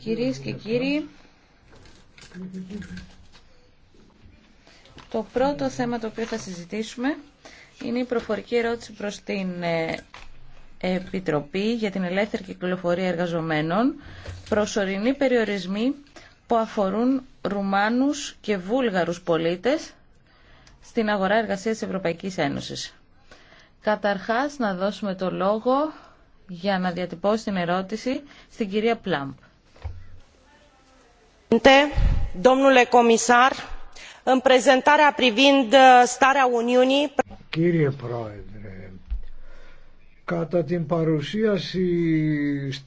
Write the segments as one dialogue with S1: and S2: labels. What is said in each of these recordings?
S1: Κυρίες και κύριοι, το πρώτο θέμα το οποίο θα συζητήσουμε είναι η προφορική ερώτηση προς την ε, Επιτροπή για την Ελεύθερη Κυκλοφορία Εργαζομένων προσωρινή περιορισμοί που αφορούν Ρουμάνους και Βούλγαρους πολίτες στην αγορά εργασίας της Ευρωπαϊκής Ένωσης. Καταρχάς να δώσουμε το λόγο για να διατυπώσει την ερώτηση στην κυρία Πλάμπ. Uh,
S2: Κύριε Πρόεδρε, κατά την παρουσίαση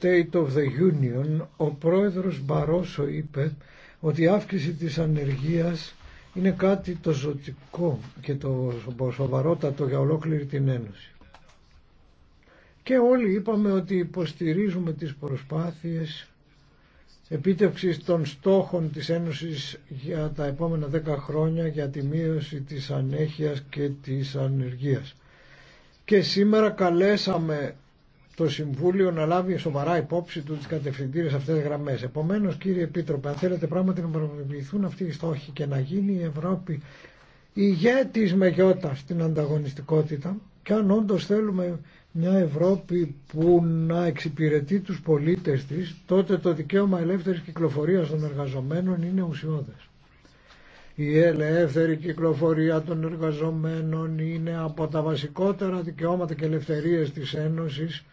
S2: State of the Union, ο πρόεδρος Μπαρόσο είπε ότι η αύξηση της ανεργίας είναι κάτι το ζωτικό και το σοβαρότατο για ολόκληρη την Ένωση. Και όλοι είπαμε ότι υποστηρίζουμε τις προσπάθειες επίτευξης των στόχων της Ένωσης για τα επόμενα 10 χρόνια για τη μείωση της ανέχειας και της ανεργίας. Και σήμερα καλέσαμε το Συμβούλιο να λάβει σοβαρά υπόψη του τις κατευθυντήρες αυτές γραμμές. Επομένως κύριε Επίτροπε, αν θέλετε πράγματι να προβληθούν αυτοί οι στόχοι και να γίνει η Ευρώπη ηγέτης με γιώτα στην ανταγωνιστικότητα και αν όντω θέλουμε μια Ευρώπη που να εξυπηρετεί τους πολίτες της, τότε το δικαίωμα ελεύθερης κυκλοφορίας των εργαζομένων είναι ουσιώδες. Η ελεύθερη κυκλοφορία των εργαζομένων είναι από τα βασικότερα δικαιώματα και ελευθερίες της Ένωσης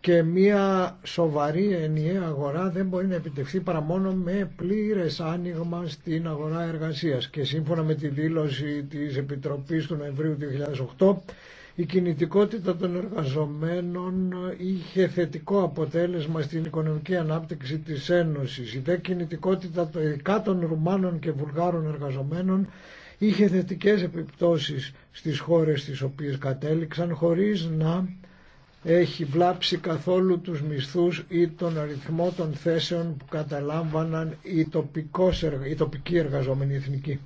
S2: και μια σοβαρή ενιαία αγορά δεν μπορεί να επιτευχθεί παρά μόνο με πλήρες άνοιγμα στην αγορά εργασίας. Και σύμφωνα με τη δήλωση της Επιτροπής του Νοεμβρίου 2008, η κινητικότητα των εργαζομένων είχε θετικό αποτέλεσμα στην οικονομική ανάπτυξη της Ένωσης. Η δε κινητικότητα των ειδικά των Ρουμάνων και Βουλγάρων εργαζομένων είχε θετικές επιπτώσεις στις χώρες τις οποίες κατέληξαν χωρίς να έχει βλάψει καθόλου τους μισθούς ή τον αριθμό των θέσεων που καταλάμβαναν οι, τοπικοί εργαζόμενοι εθνικοί.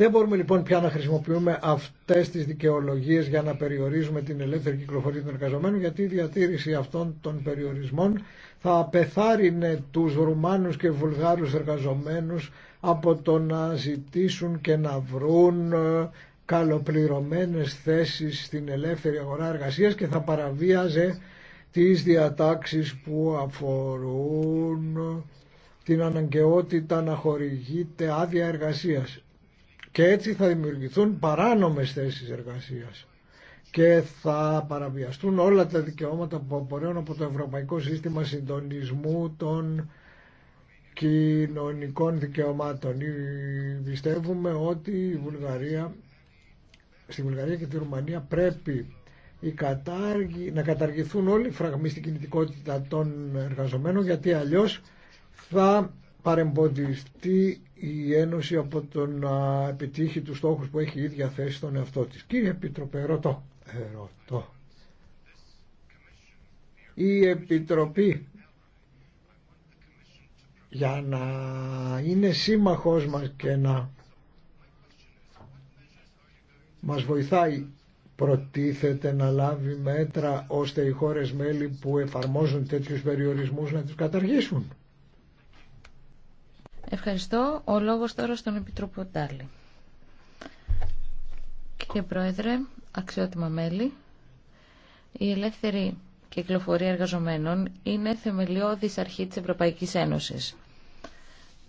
S2: Δεν μπορούμε λοιπόν πια να χρησιμοποιούμε αυτές τις δικαιολογίε για να περιορίζουμε την ελεύθερη κυκλοφορία των εργαζομένων γιατί η διατήρηση αυτών των περιορισμών θα απεθάρρυνε τους Ρουμάνους και Βουλγάρους εργαζομένου από το να ζητήσουν και να βρουν ε, καλοπληρωμένες θέσεις στην ελεύθερη αγορά εργασίας και θα παραβίαζε τις διατάξεις που αφορούν την αναγκαιότητα να χορηγείται άδεια εργασίας και έτσι θα δημιουργηθούν παράνομες θέσεις εργασίας και θα παραβιαστούν όλα τα δικαιώματα που απορρέουν από το Ευρωπαϊκό Σύστημα Συντονισμού των Κοινωνικών Δικαιωμάτων. Πιστεύουμε ότι η Βουλγαρία, στη Βουλγαρία και τη Ρουμανία πρέπει η κατάργη, να καταργηθούν όλοι οι φραγμοί στην κινητικότητα των εργαζομένων γιατί αλλιώς θα παρεμποδιστεί η Ένωση από το να επιτύχει τους στόχους που έχει η ίδια θέση στον εαυτό της. Κύριε Επιτροπέ, ε, ρωτώ, Η Επιτροπή για να είναι σύμμαχός μας και να μας βοηθάει προτίθεται να λάβει μέτρα ώστε οι χώρες μέλη που εφαρμόζουν τέτοιους περιορισμούς να τους καταργήσουν.
S1: Ευχαριστώ. Ο λόγος τώρα στον Επιτρόπο Κύριε Πρόεδρε, αξιότιμα μέλη, η ελεύθερη κυκλοφορία εργαζομένων είναι θεμελιώδης αρχή της Ευρωπαϊκής Ένωσης.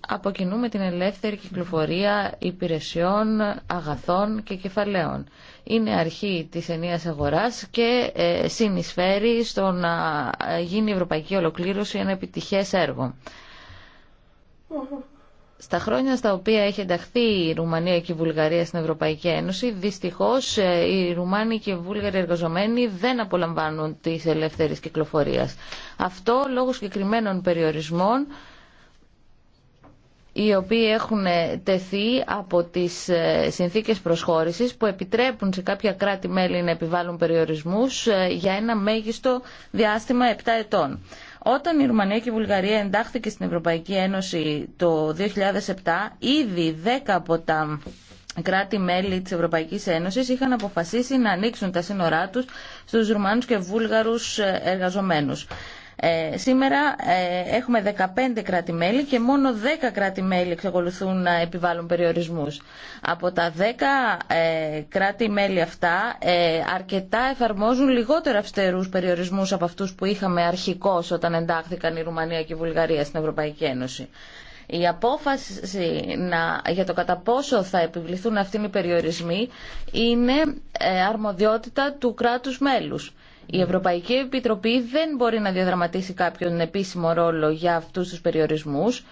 S1: Αποκινούμε την ελεύθερη κυκλοφορία υπηρεσιών, αγαθών και κεφαλαίων. Είναι αρχή της ενίας αγοράς και ε, συνεισφέρει στο να ε, γίνει η ευρωπαϊκή ολοκλήρωση ένα επιτυχές έργο. Στα χρόνια στα οποία έχει ενταχθεί η Ρουμανία και η Βουλγαρία στην Ευρωπαϊκή Ένωση, δυστυχώ, ε, οι Ρουμάνοι και οι Βούλγαροι εργαζομένοι δεν απολαμβάνουν της ελεύθερη κυκλοφορία. Αυτό λόγω συγκεκριμένων περιορισμών οι οποίοι έχουν ε, τεθεί από τις ε, συνθήκες προσχώρησης που επιτρέπουν σε κάποια κράτη-μέλη να επιβάλλουν περιορισμούς για ένα μέγιστο διάστημα 7 ετών. Όταν η Ρουμανία και η Βουλγαρία εντάχθηκε στην Ευρωπαϊκή Ένωση το 2007, ήδη 10 από τα κράτη-μέλη της Ευρωπαϊκής Ένωσης είχαν αποφασίσει να ανοίξουν τα σύνορά τους στους Ρουμάνους και Βούλγαρους ε, εργαζομένους. Ε, σήμερα ε, έχουμε 15 κράτη-μέλη και μόνο 10 κράτη-μέλη εξακολουθούν να επιβάλλουν περιορισμούς. Από τα 10 ε, κράτη-μέλη αυτά, ε, αρκετά εφαρμόζουν λιγότερο αυστερούς περιορισμούς από αυτούς που είχαμε αρχικώς όταν εντάχθηκαν η Ρουμανία και η Βουλγαρία στην Ευρωπαϊκή Ένωση. Η απόφαση να, για το κατά πόσο θα επιβληθούν αυτοί οι περιορισμοί είναι αρμοδιότητα του κράτους μέλους. Η Ευρωπαϊκή Επιτροπή δεν μπορεί να διαδραματίσει κάποιον επίσημο ρόλο για αυτούς τους περιορισμούς.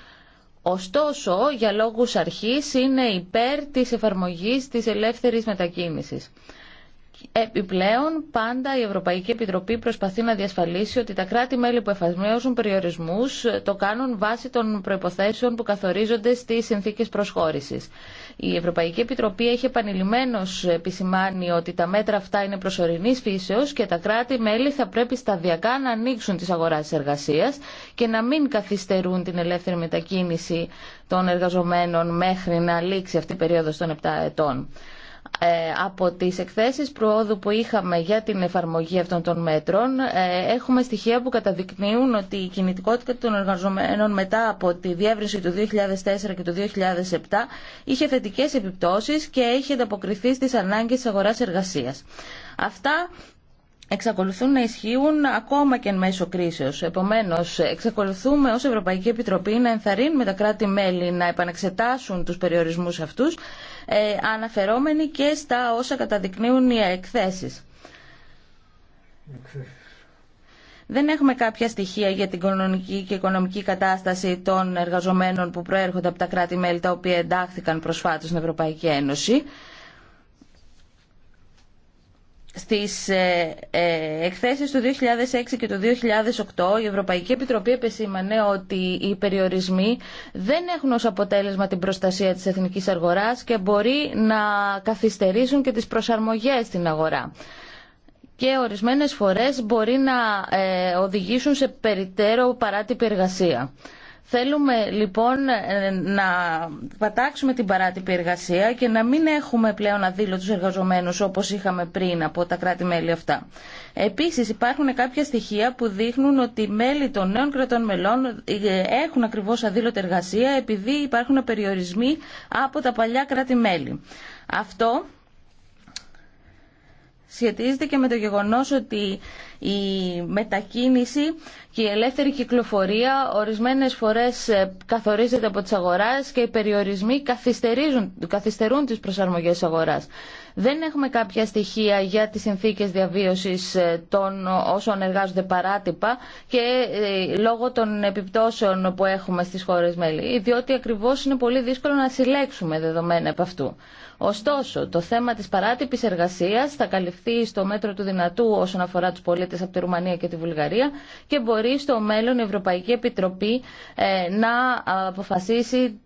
S1: Ωστόσο, για λόγους αρχής είναι υπέρ της εφαρμογής της ελεύθερης μετακίνησης. Επιπλέον, πάντα η Ευρωπαϊκή Επιτροπή προσπαθεί να διασφαλίσει ότι τα κράτη-μέλη που εφαρμόζουν περιορισμούς το κάνουν βάσει των προϋποθέσεων που καθορίζονται στις συνθήκες προσχώρησης. Η Ευρωπαϊκή Επιτροπή έχει επανειλημμένω επισημάνει ότι τα μέτρα αυτά είναι προσωρινή φύσεω και τα κράτη-μέλη θα πρέπει σταδιακά να ανοίξουν τι αγορά-εργασία και να μην καθυστερούν την ελεύθερη μετακίνηση των εργαζομένων μέχρι να λήξει αυτή η περίοδο των 7 ετών. Ε, από τις εκθέσεις προόδου που είχαμε για την εφαρμογή αυτών των μέτρων ε, έχουμε στοιχεία που καταδεικνύουν ότι η κινητικότητα των εργαζομένων μετά από τη διεύρυνση του 2004 και του 2007 είχε θετικές επιπτώσεις και έχει ανταποκριθεί στις ανάγκες της αγοράς εργασίας. Αυτά εξακολουθούν να ισχύουν ακόμα και εν μέσω κρίσεως. Επομένως, εξακολουθούμε ως Ευρωπαϊκή Επιτροπή να ενθαρρύνουμε τα κράτη-μέλη να επανεξετάσουν τους περιορισμούς αυτούς, ε, αναφερόμενοι και στα όσα καταδεικνύουν οι εκθέσεις. Δεν έχουμε κάποια στοιχεία για την κοινωνική και οικονομική κατάσταση των εργαζομένων που προέρχονται από τα κράτη-μέλη τα οποία εντάχθηκαν προσφάτως στην Ευρωπαϊκή Ένωση στις ε, ε, εκθέσεις του 2006 και του 2008 η Ευρωπαϊκή Επιτροπή επεσήμανε ότι οι περιορισμοί δεν έχουν ως αποτέλεσμα την προστασία της εθνικής αγοράς και μπορεί να καθυστερήσουν και τις προσαρμογές στην αγορά και ορισμένες φορές μπορεί να ε, οδηγήσουν σε περιττέρω παράτυπη εργασία. Θέλουμε λοιπόν ε, να πατάξουμε την παράτυπη εργασία και να μην έχουμε πλέον αδήλωτους εργαζομένους όπως είχαμε πριν από τα κράτη-μέλη αυτά. Επίσης υπάρχουν κάποια στοιχεία που δείχνουν ότι οι μέλη των νέων κρατών μελών ε, έχουν ακριβώς αδήλωτη εργασία επειδή υπάρχουν περιορισμοί από τα παλιά κράτη-μέλη. Αυτό σχετίζεται και με το γεγονός ότι η μετακίνηση και η ελεύθερη κυκλοφορία ορισμένες φορές ε, καθορίζεται από τις αγοράς και οι περιορισμοί καθυστερούν τις προσαρμογές αγοράς. Δεν έχουμε κάποια στοιχεία για τις συνθήκες διαβίωσης ε, των όσων εργάζονται παράτυπα και ε, λόγω των επιπτώσεων που έχουμε στις χώρες μέλη, διότι ακριβώς είναι πολύ δύσκολο να συλλέξουμε δεδομένα από αυτού. Ωστόσο, το θέμα της παράτυπης εργασίας θα καλυφθεί στο μέτρο του δυνατού όσον αφορά τους πολίτες από τη Ρουμανία και τη Βουλγαρία και μπορεί στο μέλλον η Ευρωπαϊκή Επιτροπή ε, να αποφασίσει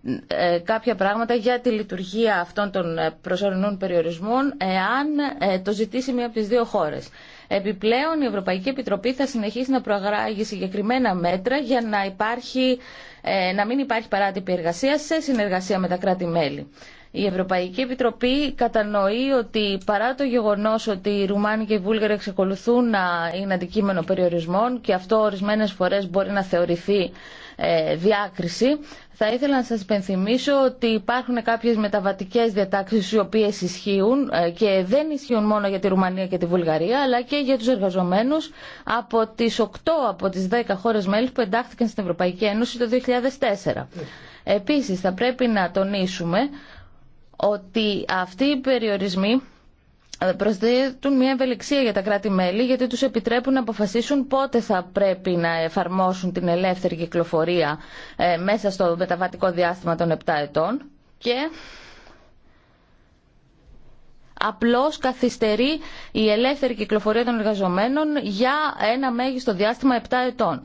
S1: κάποια πράγματα για τη λειτουργία αυτών των προσωρινών περιορισμών εάν ε, το ζητήσει μία από τις δύο χώρες. Επιπλέον, η Ευρωπαϊκή Επιτροπή θα συνεχίσει να προαγράγει συγκεκριμένα μέτρα για να, υπάρχει, ε, να μην υπάρχει παράτυπη εργασία σε συνεργασία με τα κράτη-μέλη. Η Ευρωπαϊκή Επιτροπή κατανοεί ότι παρά το γεγονός ότι οι Ρουμάνοι και οι Βούλγαροι εξακολουθούν να είναι αντικείμενο περιορισμών και αυτό ορισμένες φορές μπορεί να θεωρηθεί ε, διάκριση. Θα ήθελα να σας υπενθυμίσω ότι υπάρχουν κάποιες μεταβατικές διατάξεις οι οποίες ισχύουν ε, και δεν ισχύουν μόνο για τη Ρουμανία και τη Βουλγαρία αλλά και για τους εργαζομένους από τις 8 από τις 10 χώρες μέλη που εντάχθηκαν στην Ευρωπαϊκή Ένωση το 2004. Επίσης θα πρέπει να τονίσουμε ότι αυτοί οι περιορισμοί ε, προσδίδουν μια ευελιξία για τα κράτη-μέλη γιατί τους επιτρέπουν να αποφασίσουν πότε θα πρέπει να εφαρμόσουν την ελεύθερη κυκλοφορία ε, μέσα στο μεταβατικό διάστημα των 7 ετών και απλώς καθυστερεί η ελεύθερη κυκλοφορία των εργαζομένων για ένα μέγιστο διάστημα 7 ετών.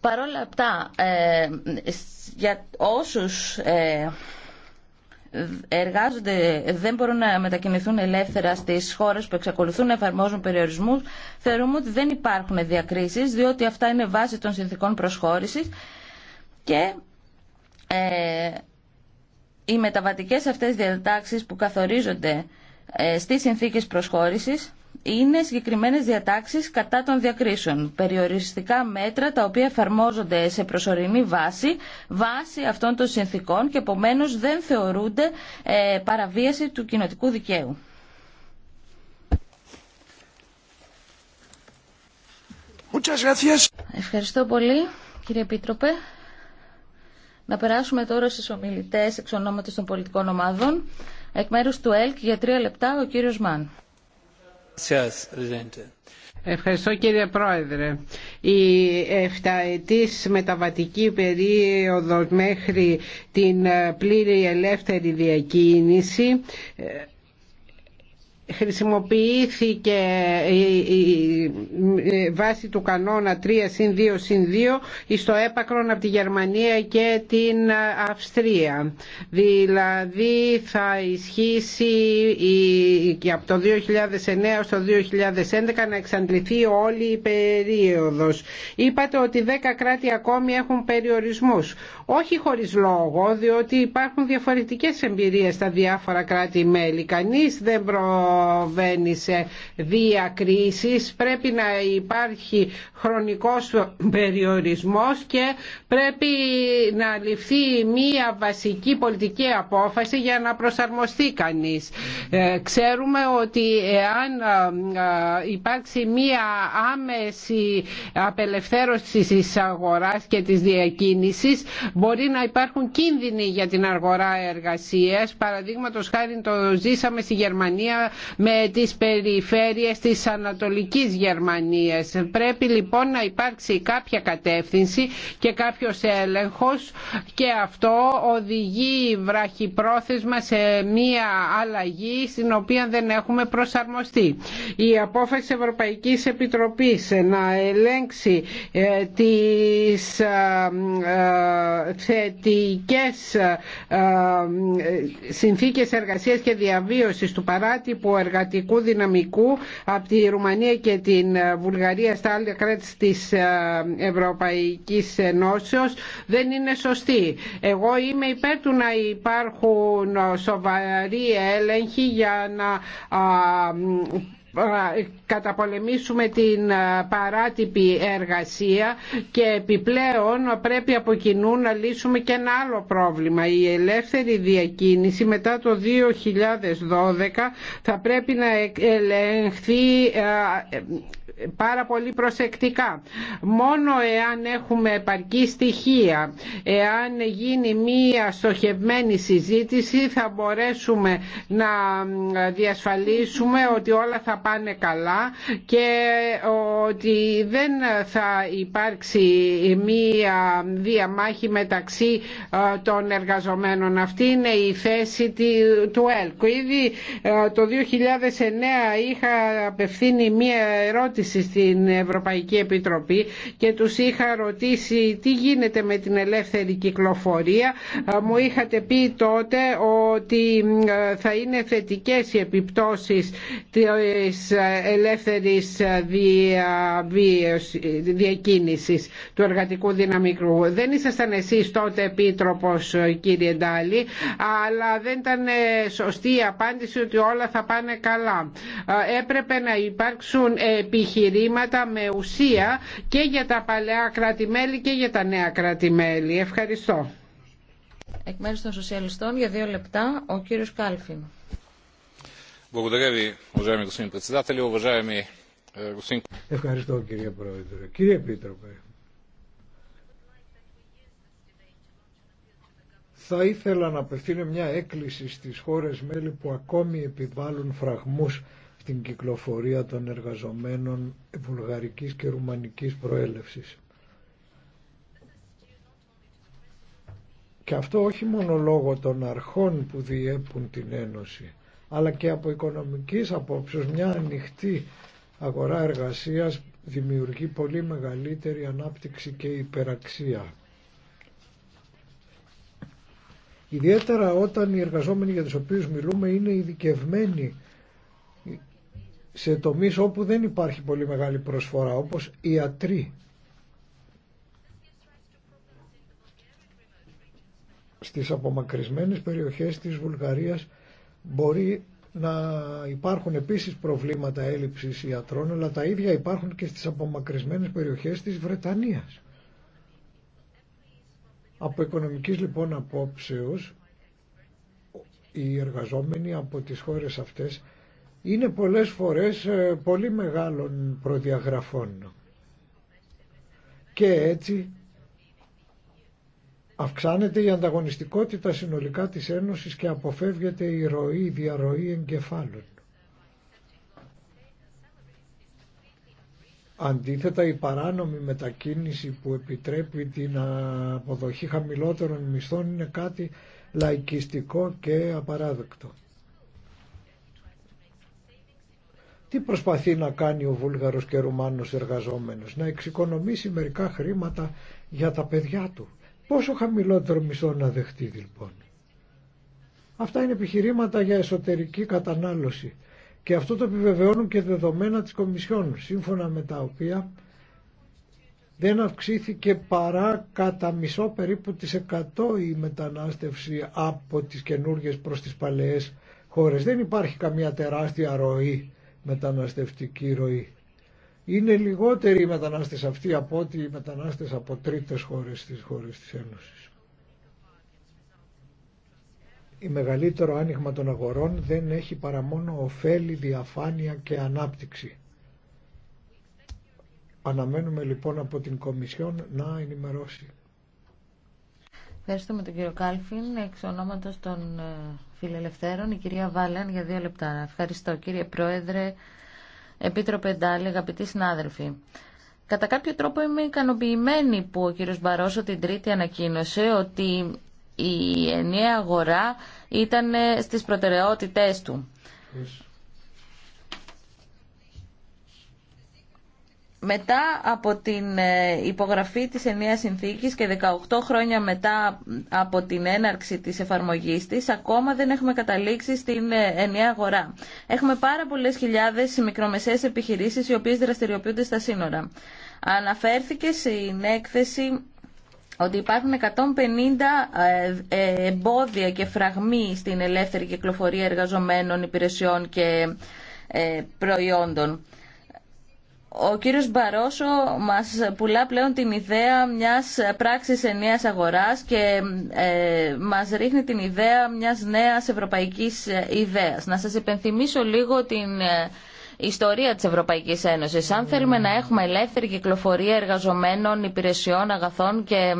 S1: Παρόλα αυτά, ε, για όσους εργάζονται, δεν μπορούν να μετακινηθούν ελεύθερα στις χώρες που εξακολουθούν να εφαρμόζουν περιορισμούς, θεωρούμε ότι δεν υπάρχουν διακρίσεις, διότι αυτά είναι βάση των συνθήκων προσχώρησης και ε, οι μεταβατικές αυτές διατάξεις που καθορίζονται ε, στις συνθήκες προσχώρησης είναι συγκεκριμένες διατάξεις κατά των διακρίσεων, περιοριστικά μέτρα τα οποία εφαρμόζονται σε προσωρινή βάση, βάση αυτών των συνθήκων και επομένω δεν θεωρούνται ε, παραβίαση του κοινοτικού δικαίου. Ευχαριστώ πολύ κύριε Επίτροπε. Να περάσουμε τώρα στους ομιλητές εξ των πολιτικών ομάδων. Εκ μέρους του ΕΛΚ για τρία λεπτά ο κύριος Μαν.
S3: Ευχαριστώ κύριε Πρόεδρε. Η εφταετής μεταβατική περίοδος μέχρι την πλήρη ελεύθερη διακίνηση ε, χρησιμοποιήθηκε η βάση του κανόνα 3 συν 2 συν 2 στο έπακρον από τη Γερμανία και την Αυστρία. Δηλαδή θα ισχύσει και από το 2009 έως το 2011 να εξαντληθεί όλη η περίοδος. Είπατε ότι 10 κράτη ακόμη έχουν περιορισμούς. Όχι χωρίς λόγο, διότι υπάρχουν διαφορετικές εμπειρίες στα διάφορα κράτη-μέλη. Κανείς δεν προ προβαίνει σε διακρίσεις πρέπει να υπάρχει χρονικός περιορισμός και πρέπει να ληφθεί μία βασική πολιτική απόφαση για να προσαρμοστεί κανείς. Ε, ξέρουμε ότι εάν ε, ε, υπάρξει μία άμεση απελευθέρωση της αγοράς και της διακίνησης μπορεί να υπάρχουν κίνδυνοι για την αγορά εργασίας. Παραδείγματος χάρη το ζήσαμε στη Γερμανία με τις περιφέρειες της Ανατολικής Γερμανίας. Πρέπει λοιπόν να υπάρξει κάποια κατεύθυνση και κάποιος έλεγχος και αυτό οδηγεί βραχυπρόθεσμα σε μία αλλαγή στην οποία δεν έχουμε προσαρμοστεί. Η απόφαση Ευρωπαϊκής Επιτροπής να ελέγξει ε, τις ε, ε, θετικές συνθήκες εργασίας και διαβίωσης του παράτυπου εργατικού δυναμικού από τη Ρουμανία και την ε, Βουλγαρία στα άλλα κράτη της ε, Ευρωπαϊκής Ενώσεως δεν είναι σωστή. Εγώ είμαι υπέρ του να υπάρχουν σοβαροί έλεγχοι για να καταπολεμήσουμε την ε, παράτυπη εργασία και επιπλέον πρέπει από κοινού να λύσουμε και ένα άλλο πρόβλημα. Η ελεύθερη διακίνηση μετά το 2012 θα πρέπει να ε, ελεγχθεί ε, πάρα πολύ προσεκτικά. Μόνο εάν έχουμε επαρκή στοιχεία, εάν γίνει μία στοχευμένη συζήτηση θα μπορέσουμε να διασφαλίσουμε ότι όλα θα πάνε καλά και ότι δεν θα υπάρξει μία διαμάχη μεταξύ ε, των εργαζομένων. Αυτή είναι η θέση του ΕΛΚ. Ήδη ε, το 2009 είχα απευθύνει μία ερώτηση στην Ευρωπαϊκή Επιτροπή και τους είχα ρωτήσει τι γίνεται με την ελεύθερη κυκλοφορία. Ε, μου είχατε πει τότε ότι θα είναι θετικές οι επιπτώσεις της ε, ελεύθερης ε, διακίνησης του εργατικού δυναμικού. Δεν ήσασταν εσείς τότε επίτροπος ε, κύριε Ντάλη, αλλά δεν ήταν σωστή η απάντηση ότι όλα θα πάνε καλά. Έπρεπε να υπάρξουν επιχειρήματα με ουσία και για τα παλαιά και για τα νέα κράτη-μέλη. Ευχαριστώ.
S1: Εκ μέρους των Σοσιαλιστών για δύο λεπτά ο κύριος Κάλφιν.
S2: Ευχαριστώ κύριε Πρόεδρε. Κύριε Επίτροπε, θα ήθελα να απευθύνω μια έκκληση στις χώρες μέλη που ακόμη επιβάλλουν φραγμούς στην κυκλοφορία των εργαζομένων βουλγαρικής και ρουμανικής προέλευσης. Και αυτό όχι μόνο λόγω των αρχών που διέπουν την Ένωση, αλλά και από οικονομικής απόψεως μια ανοιχτή αγορά εργασίας δημιουργεί πολύ μεγαλύτερη ανάπτυξη και υπεραξία. Ιδιαίτερα όταν οι εργαζόμενοι για τους οποίους μιλούμε είναι ειδικευμένοι σε τομείς όπου δεν υπάρχει πολύ μεγάλη προσφορά, όπως ιατροί. Στις απομακρυσμένες περιοχές της Βουλγαρίας Μπορεί να υπάρχουν επίσης προβλήματα έλλειψης ιατρών, αλλά τα ίδια υπάρχουν και στις απομακρυσμένες περιοχές της Βρετανίας. Από οικονομικής λοιπόν απόψεως, οι εργαζόμενοι από τις χώρες αυτές είναι πολλές φορές ε, πολύ μεγάλων προδιαγραφών. Και έτσι Αυξάνεται η ανταγωνιστικότητα συνολικά της Ένωσης και αποφεύγεται η ροή, η διαρροή εγκεφάλων. Αντίθετα η παράνομη μετακίνηση που επιτρέπει την αποδοχή χαμηλότερων μισθών είναι κάτι λαϊκιστικό και απαράδεκτο. Τι προσπαθεί να κάνει ο Βούλγαρος και Ρουμάνος εργαζόμενος, να εξοικονομήσει μερικά χρήματα για τα παιδιά του. Πόσο χαμηλότερο μισό να δεχτεί λοιπόν. Αυτά είναι επιχειρήματα για εσωτερική κατανάλωση και αυτό το επιβεβαιώνουν και δεδομένα της Κομισιόν, σύμφωνα με τα οποία δεν αυξήθηκε παρά κατά μισό περίπου της 100 η μετανάστευση από τις καινούργιες προς τις παλαιές χώρες. Δεν υπάρχει καμία τεράστια ροή, μεταναστευτική ροή. Είναι λιγότεροι οι μετανάστες αυτοί από ότι οι μετανάστες από τρίτες χώρες της χώρες της Ένωσης. Η μεγαλύτερο άνοιγμα των αγορών δεν έχει παρά μόνο ωφέλη, διαφάνεια και ανάπτυξη. Αναμένουμε λοιπόν από την Κομισιόν να ενημερώσει.
S1: Ευχαριστούμε τον κύριο Κάλφιν. Εξ ονόματος των ε, φιλελευθέρων, η κυρία Βάλεν για δύο λεπτά. Ευχαριστώ κύριε Πρόεδρε. Επίτροπε Ντάλη, αγαπητοί συνάδελφοι. Κατά κάποιο τρόπο είμαι ικανοποιημένη που ο κύριος Μπαρόσο την Τρίτη ανακοίνωσε ότι η ενιαία αγορά ήταν ε, στις προτεραιότητές του. μετά από την ε, υπογραφή της ενιαίας συνθήκης και 18 χρόνια μετά από την έναρξη της εφαρμογής της, ακόμα δεν έχουμε καταλήξει στην ε, ενιαία αγορά. Έχουμε πάρα πολλές χιλιάδες μικρομεσαίες επιχειρήσεις οι οποίες δραστηριοποιούνται στα σύνορα. Αναφέρθηκε στην έκθεση ότι υπάρχουν 150 ε, εμπόδια και φραγμοί στην ελεύθερη κυκλοφορία εργαζομένων υπηρεσιών και προϊόντων ο κύριος Μπαρόσο μας πουλά πλέον την ιδέα μιας πράξης ενίας αγοράς και ε, μας ρίχνει την ιδέα μιας νέας ευρωπαϊκής ε, ιδέας. Να σας υπενθυμίσω λίγο την ε, ιστορία της Ευρωπαϊκής Ένωσης. Αν θέλουμε να έχουμε ελεύθερη κυκλοφορία εργαζομένων, υπηρεσιών, αγαθών και...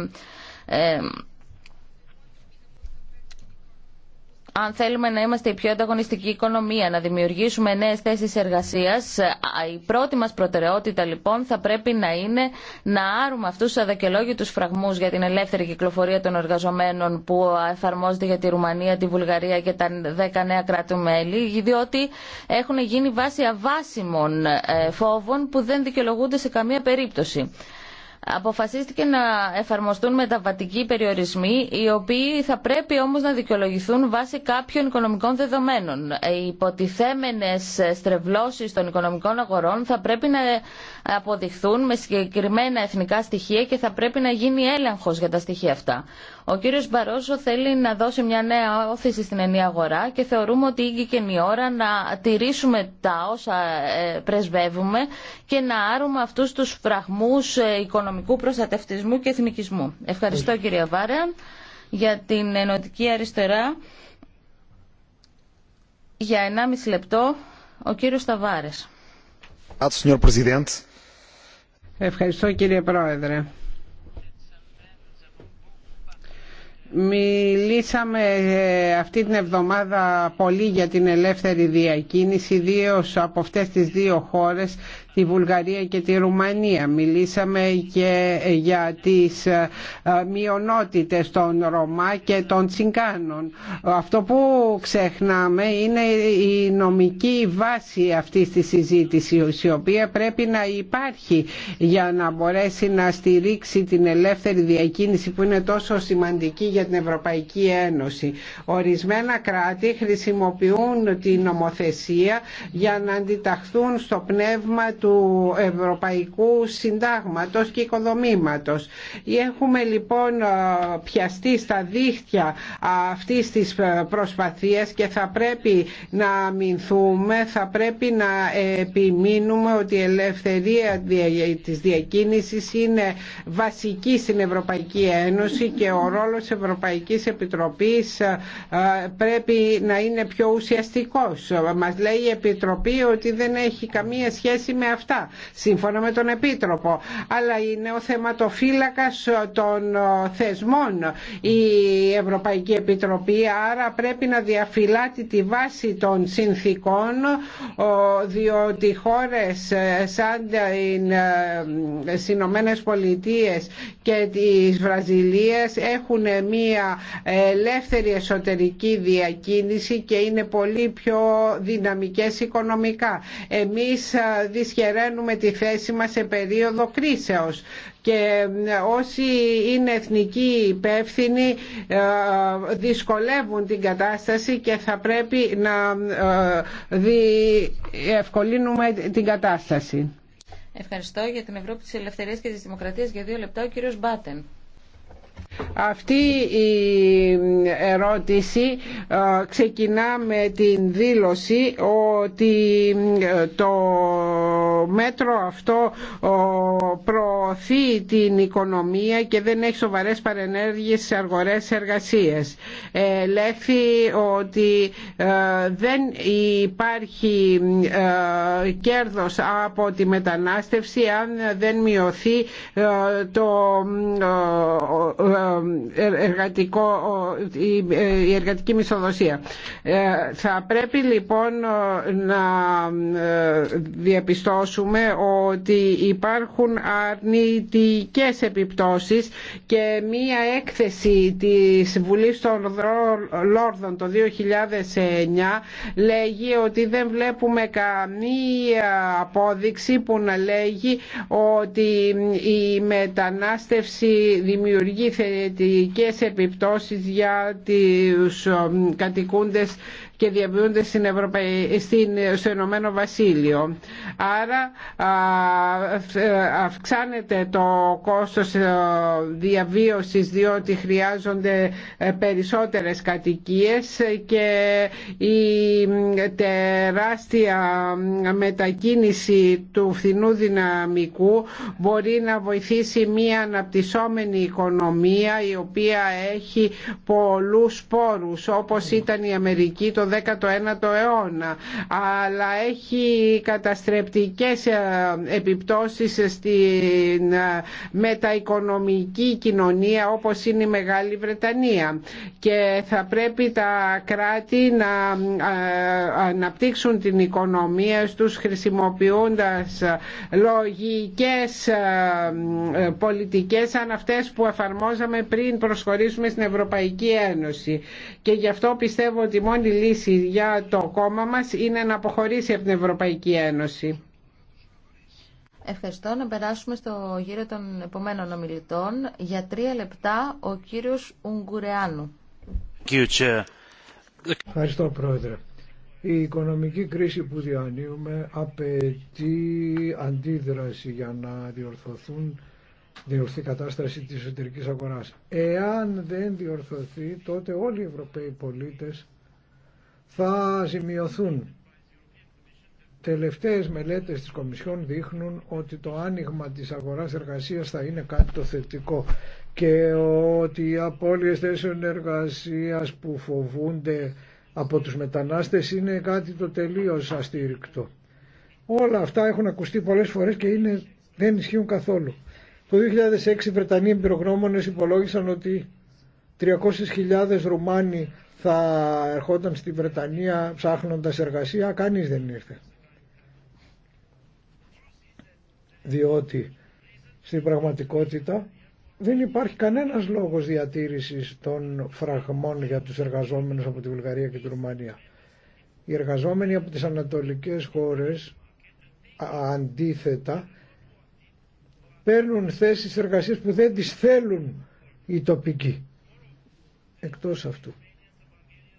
S1: αν θέλουμε να είμαστε η πιο ανταγωνιστική οικονομία, να δημιουργήσουμε νέες θέσεις εργασίας, η πρώτη μας προτεραιότητα λοιπόν θα πρέπει να είναι να άρουμε αυτούς τους αδικαιολόγητους φραγμούς για την ελεύθερη κυκλοφορία των εργαζομένων που εφαρμόζεται για τη Ρουμανία, τη Βουλγαρία και τα 10 νέα κράτη-μέλη, διότι έχουν γίνει βάση αβάσιμων ε, φόβων που δεν δικαιολογούνται σε καμία περίπτωση αποφασίστηκε να εφαρμοστούν μεταβατικοί περιορισμοί, οι οποίοι θα πρέπει όμως να δικαιολογηθούν βάσει κάποιων οικονομικών δεδομένων. Οι ε, υποτιθέμενες στρεβλώσεις των οικονομικών αγορών θα πρέπει να αποδειχθούν με συγκεκριμένα εθνικά στοιχεία και θα πρέπει να γίνει έλεγχος για τα στοιχεία αυτά. Ο κύριος Μπαρόζο θέλει να δώσει μια νέα όθηση στην ενή αγορά και θεωρούμε ότι ήγηκε και η ώρα να τηρήσουμε τα όσα ε, πρεσβεύουμε και να άρουμε αυτούς τους φραγμούς ε, οικονομικού προστατευτισμού και εθνικισμού. Ευχαριστώ κύριε Βάρεαν για την ενωτική αριστερά. Για 1,5 λεπτό ο κύριος Ταβάρες.
S3: Ευχαριστώ κύριε Πρόεδρε. Μιλήσαμε ε, αυτή την εβδομάδα πολύ για την ελεύθερη διακίνηση, ιδίω από αυτές τις δύο χώρες τη Βουλγαρία και τη Ρουμανία. Μιλήσαμε και για τις ε, μειονότητες των Ρωμά και των Τσιγκάνων. Αυτό που ξεχνάμε είναι η νομική βάση αυτής της συζήτησης, η οποία πρέπει να υπάρχει για να μπορέσει να στηρίξει την ελεύθερη διακίνηση που είναι τόσο σημαντική για την Ευρωπαϊκή Ένωση. Ορισμένα κράτη χρησιμοποιούν την νομοθεσία για να αντιταχθούν στο πνεύμα του Ευρωπαϊκού Συντάγματος και Οικοδομήματος. Έχουμε λοιπόν πιαστεί στα δίχτυα αυτής της προσπαθίας και θα πρέπει να αμυνθούμε, θα πρέπει να επιμείνουμε ότι η ελευθερία της διακίνησης είναι βασική στην Ευρωπαϊκή Ένωση και ο ρόλος της Ευρωπαϊκής Επιτροπής πρέπει να είναι πιο ουσιαστικός. Μας λέει η Επιτροπή ότι δεν έχει καμία σχέση με αυτά σύμφωνα με τον Επίτροπο αλλά είναι ο θεματοφύλακας των ε, θεσμών η Ευρωπαϊκή Επιτροπή άρα πρέπει να διαφυλάτει τη βάση των συνθήκων διότι χώρες ε, σαν οι ε, Ηνωμένε Πολιτείες και τις Βραζιλίες έχουν μία ελεύθερη εσωτερική διακίνηση και είναι πολύ πιο δυναμικές οικονομικά. Εμείς δυσκευάζουμε κεραίνουμε τη θέση μας σε περίοδο κρίσεως και όσοι είναι εθνικοί υπεύθυνοι ε, δυσκολεύουν την κατάσταση και θα πρέπει να ε, διευκολύνουμε την κατάσταση.
S1: Ευχαριστώ για την Ευρώπη της Ελευθερίας και της Δημοκρατίας για δύο λεπτά ο κύριος Μπάτεν.
S3: Αυτή η ερώτηση ε, ξεκινά με την δήλωση ότι ε, το μέτρο αυτό ε, προωθεί την οικονομία και δεν έχει σοβαρές παρενέργειες σε αργορές εργασίες. Λέει ότι δεν υπάρχει κέρδος από τη μετανάστευση αν δεν μειωθεί το ε, εργατικό, ε, η εργατική μισθοδοσία. Ε, θα πρέπει λοιπόν να διαπιστώσουμε ότι υπάρχουν αρνητικές επιπτώσεις και μία έκθεση της Βουλής των Λόρδων το 2009 λέγει ότι δεν βλέπουμε καμία απόδειξη που να λέγει ότι η μετανάστευση δημιουργεί αρνητικές επιπτώσεις για τους κατοικούντες και διαβιούνται στην Ευρωπαϊ... στην... στο Ηνωμένο Βασίλειο. Άρα ε, αυξάνεται το κόστος ε, διαβίωσης διότι χρειάζονται ε, περισσότερες κατοικίες και η τεράστια μετακίνηση του φθηνού δυναμικού μπορεί να βοηθήσει μια αναπτυσσόμενη οικονομία η οποία έχει πολλούς πόρους όπως ήταν η Αμερική το 19ο αιώνα αλλά έχει καταστρεπτικές ε, επιπτώσεις στην ε, μεταοικονομική κοινωνία όπως είναι η Μεγάλη Βρετανία και θα πρέπει τα κράτη να ε, αναπτύξουν την οικονομία τους χρησιμοποιώντας λογικές πολιτικές σαν αυτές που εφαρμόζαμε πριν προσχωρήσουμε στην Ευρωπαϊκή Ένωση και γι' αυτό πιστεύω ότι μόνη για το κόμμα μας είναι να αποχωρήσει από την Ευρωπαϊκή Ένωση.
S1: Ευχαριστώ. Να περάσουμε στο γύρο των επομένων ομιλητών. Για τρία λεπτά ο κύριος Ουγγουρεάνου.
S2: Ευχαριστώ πρόεδρε. Η οικονομική κρίση που διανύουμε απαιτεί αντίδραση για να διορθωθούν διορθωθεί η κατάσταση της εσωτερικής αγοράς. Εάν δεν διορθωθεί τότε όλοι οι Ευρωπαίοι πολίτες θα ζημιωθούν. Τελευταίες μελέτες της Κομισιόν δείχνουν ότι το άνοιγμα της αγοράς εργασίας θα είναι κάτι το θετικό και ότι οι απώλειες θέσεων εργασίας που φοβούνται από τους μετανάστες είναι κάτι το τελείως αστήρικτο. Όλα αυτά έχουν ακουστεί πολλές φορές και είναι, δεν ισχύουν καθόλου. Το 2006 οι Βρετανοί εμπειρογνώμονες υπολόγισαν ότι 300.000 Ρουμάνοι θα ερχόταν στη Βρετανία ψάχνοντας εργασία, κανείς δεν ήρθε. Διότι στην πραγματικότητα δεν υπάρχει κανένας λόγος διατήρησης των φραγμών για τους εργαζόμενους από τη Βουλγαρία και τη Ρουμανία. Οι εργαζόμενοι από τις ανατολικές χώρες αντίθετα παίρνουν θέσεις εργασίας που δεν τις θέλουν οι τοπικοί. Εκτός αυτού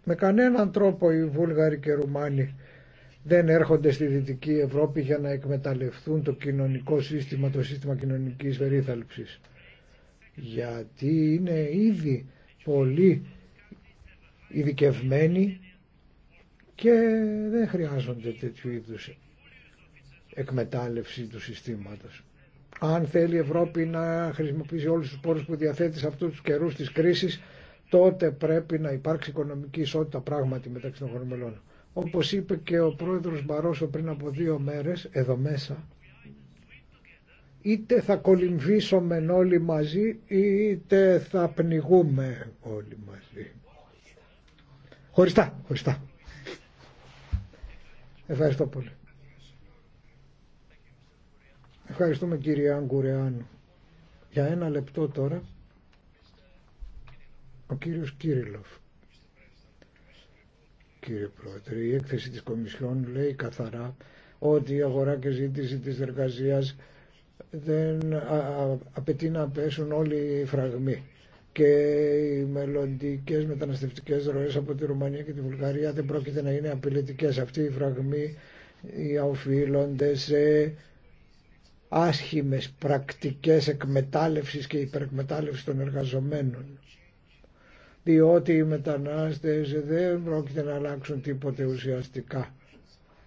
S2: με κανέναν τρόπο οι Βούλγαροι και Ρουμάνοι δεν έρχονται στη Δυτική Ευρώπη για να εκμεταλλευτούν το κοινωνικό σύστημα, το σύστημα κοινωνικής περίθαλψης. Γιατί είναι ήδη πολύ ειδικευμένοι και δεν χρειάζονται τέτοιου είδους εκμετάλλευση του συστήματος. Αν θέλει η Ευρώπη να χρησιμοποιήσει όλους τους πόρους που διαθέτει σε αυτούς τους καιρούς της κρίσης, τότε πρέπει να υπάρξει οικονομική ισότητα πράγματι μεταξύ των χωρών Όπως είπε και ο πρόεδρος Μπαρόσο πριν από δύο μέρες, εδώ μέσα, είτε θα κολυμβήσουμε όλοι μαζί, είτε θα πνιγούμε όλοι μαζί. Χωριστά, χωριστά. Ευχαριστώ πολύ. Ευχαριστούμε κύριε Αγκουρεάνου. Για ένα λεπτό τώρα ο κύριος Κύριλοφ. Κύριε Πρόεδρε, η έκθεση της Κομισιόν λέει καθαρά ότι η αγορά και ζήτηση της εργασίας δεν απαιτεί να πέσουν όλοι οι φραγμοί και οι μελλοντικέ μεταναστευτικέ ροέ από τη Ρουμανία και τη Βουλγαρία δεν πρόκειται να είναι απειλητικέ. Αυτοί οι φραγμοί οφείλονται σε άσχημε πρακτικέ εκμετάλλευση και υπερεκμετάλλευση των εργαζομένων διότι οι μετανάστες δεν πρόκειται να αλλάξουν τίποτε ουσιαστικά.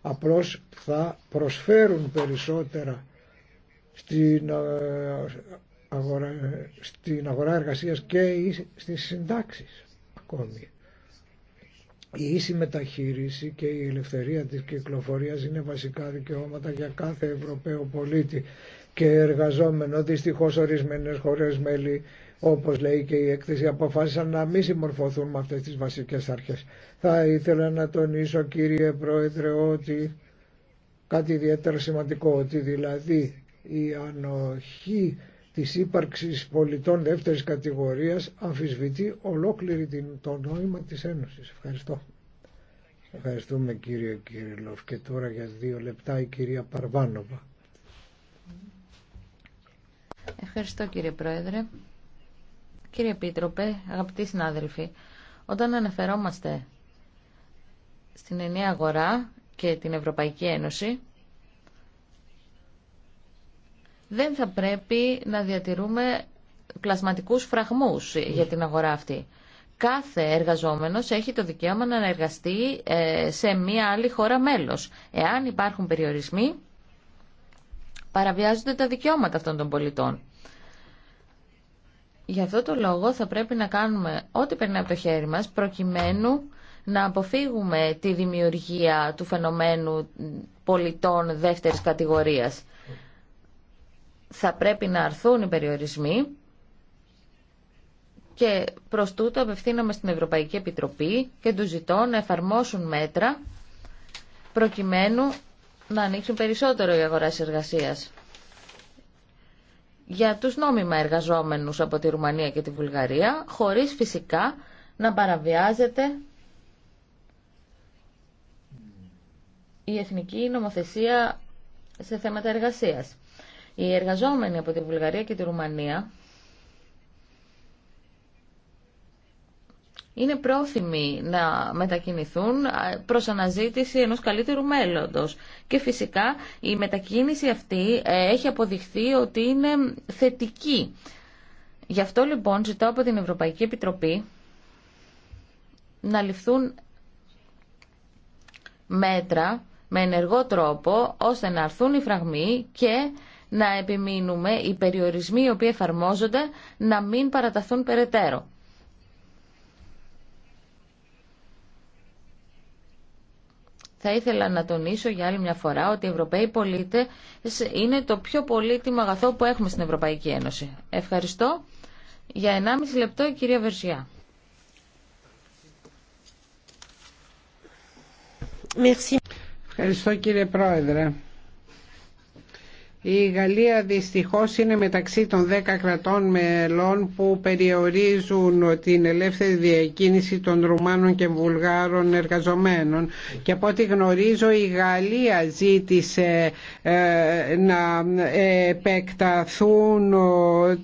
S2: Απλώς θα προσφέρουν περισσότερα στην ε, αγορά, στην αγορά εργασίας και στις συντάξεις ακόμη. Η ίση μεταχείριση και η ελευθερία της κυκλοφορίας είναι βασικά δικαιώματα για κάθε Ευρωπαίο πολίτη και εργαζόμενο. Δυστυχώς ορισμένες χώρες μέλη όπως λέει και η έκθεση, αποφάσισαν να μην συμμορφωθούν με αυτές τις βασικές αρχές. Θα ήθελα να τονίσω κύριε Πρόεδρε ότι κάτι ιδιαίτερα σημαντικό, ότι δηλαδή η ανοχή της ύπαρξης πολιτών δεύτερης κατηγορίας αμφισβητεί ολόκληρη την, το νόημα της Ένωσης. Ευχαριστώ. Ευχαριστούμε κύριε Κύριλοφ και τώρα για δύο λεπτά η κυρία Παρβάνοβα.
S1: Ευχαριστώ κύριε Πρόεδρε. Κύριε Επίτροπε, αγαπητοί συνάδελφοι, όταν αναφερόμαστε στην ενιαία αγορά και την Ευρωπαϊκή Ένωση, δεν θα πρέπει να διατηρούμε πλασματικούς φραγμούς για την αγορά αυτή. Κάθε εργαζόμενος έχει το δικαίωμα να εργαστεί ε, σε μία άλλη χώρα μέλος. Εάν υπάρχουν περιορισμοί, παραβιάζονται τα δικαιώματα αυτών των πολιτών. Γι' αυτό το λόγο θα πρέπει να κάνουμε ό,τι περνάει από το χέρι μας προκειμένου να αποφύγουμε τη δημιουργία του φαινομένου πολιτών δεύτερης κατηγορίας. Θα πρέπει να αρθούν οι περιορισμοί και προς τούτο απευθύνομαι στην Ευρωπαϊκή Επιτροπή και του ζητώ να εφαρμόσουν μέτρα προκειμένου να ανοίξουν περισσότερο οι αγοράς εργασίας για τους νόμιμα εργαζόμενους από τη Ρουμανία και τη Βουλγαρία, χωρίς φυσικά να παραβιάζεται η εθνική νομοθεσία σε θέματα εργασίας. Οι εργαζόμενοι από τη Βουλγαρία και τη Ρουμανία είναι πρόθυμοι να μετακινηθούν προς αναζήτηση ενός καλύτερου μέλλοντος. Και φυσικά η μετακίνηση αυτή ε, έχει αποδειχθεί ότι είναι θετική. Γι' αυτό λοιπόν ζητώ από την Ευρωπαϊκή Επιτροπή να ληφθούν μέτρα με ενεργό τρόπο ώστε να αρθούν οι φραγμοί και να επιμείνουμε οι περιορισμοί οι οποίοι εφαρμόζονται να μην παραταθούν περαιτέρω. θα ήθελα να τονίσω για άλλη μια φορά ότι οι Ευρωπαίοι πολίτε είναι το πιο πολύτιμο αγαθό που έχουμε στην Ευρωπαϊκή Ένωση. Ευχαριστώ. Για 1,5 λεπτό η κυρία Βερσιά.
S3: Ευχαριστώ κύριε Πρόεδρε. Η Γαλλία δυστυχώς είναι μεταξύ των 10 κρατών μελών που περιορίζουν την ελεύθερη διακίνηση των Ρουμάνων και Βουλγάρων εργαζομένων. Και από ό,τι γνωρίζω η Γαλλία ζήτησε ε, να επεκταθούν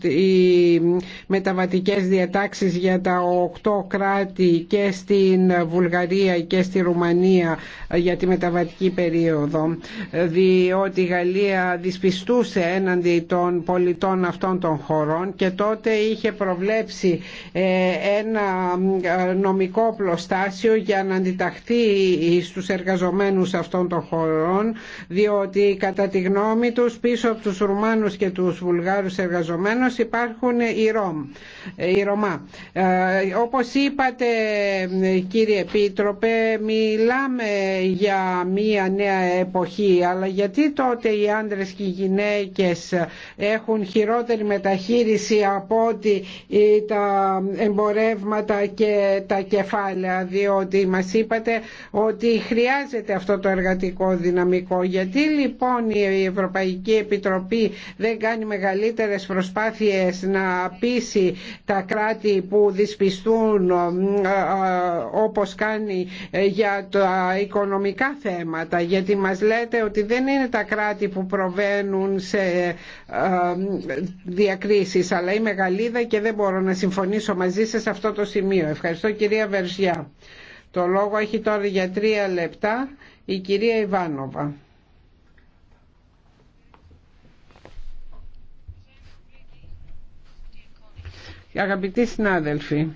S3: οι μεταβατικές διατάξεις για τα 8 κράτη και στην Βουλγαρία και στη Ρουμανία για τη μεταβατική περίοδο. Διότι η Γαλλία δυσπιστήθηκε έναντι των πολιτών αυτών των χωρών και τότε είχε προβλέψει ε, ένα ε, νομικό πλωστάσιο για να αντιταχθεί στους εργαζομένους αυτών των χωρών διότι κατά τη γνώμη τους πίσω από τους Ρουμάνους και τους Βουλγάρους εργαζομένους υπάρχουν οι, Ρωμ, ε, Ρωμά. Όπως είπατε κύριε Επίτροπε μιλάμε για μία νέα εποχή αλλά γιατί τότε οι άντρες και οι γυναίκες έχουν χειρότερη μεταχείριση από ότι τα εμπορεύματα και τα κεφάλαια διότι μας είπατε ότι χρειάζεται αυτό το εργατικό δυναμικό γιατί λοιπόν η Ευρωπαϊκή Επιτροπή δεν κάνει μεγαλύτερες προσπάθειες να πείσει τα κράτη που δυσπιστούν ε, ε, όπως κάνει ε, για τα οικονομικά θέματα γιατί μας λέτε ότι δεν είναι τα κράτη που προβαίνουν μπαίνουν σε ε, διακρίσεις αλλά είμαι Γαλλίδα και δεν μπορώ να συμφωνήσω μαζί σας σε αυτό το σημείο. Ευχαριστώ κυρία Βερζιά. Το λόγο έχει τώρα για τρία λεπτά η κυρία Ιβάνοβα. Αγαπητοί συνάδελφοι,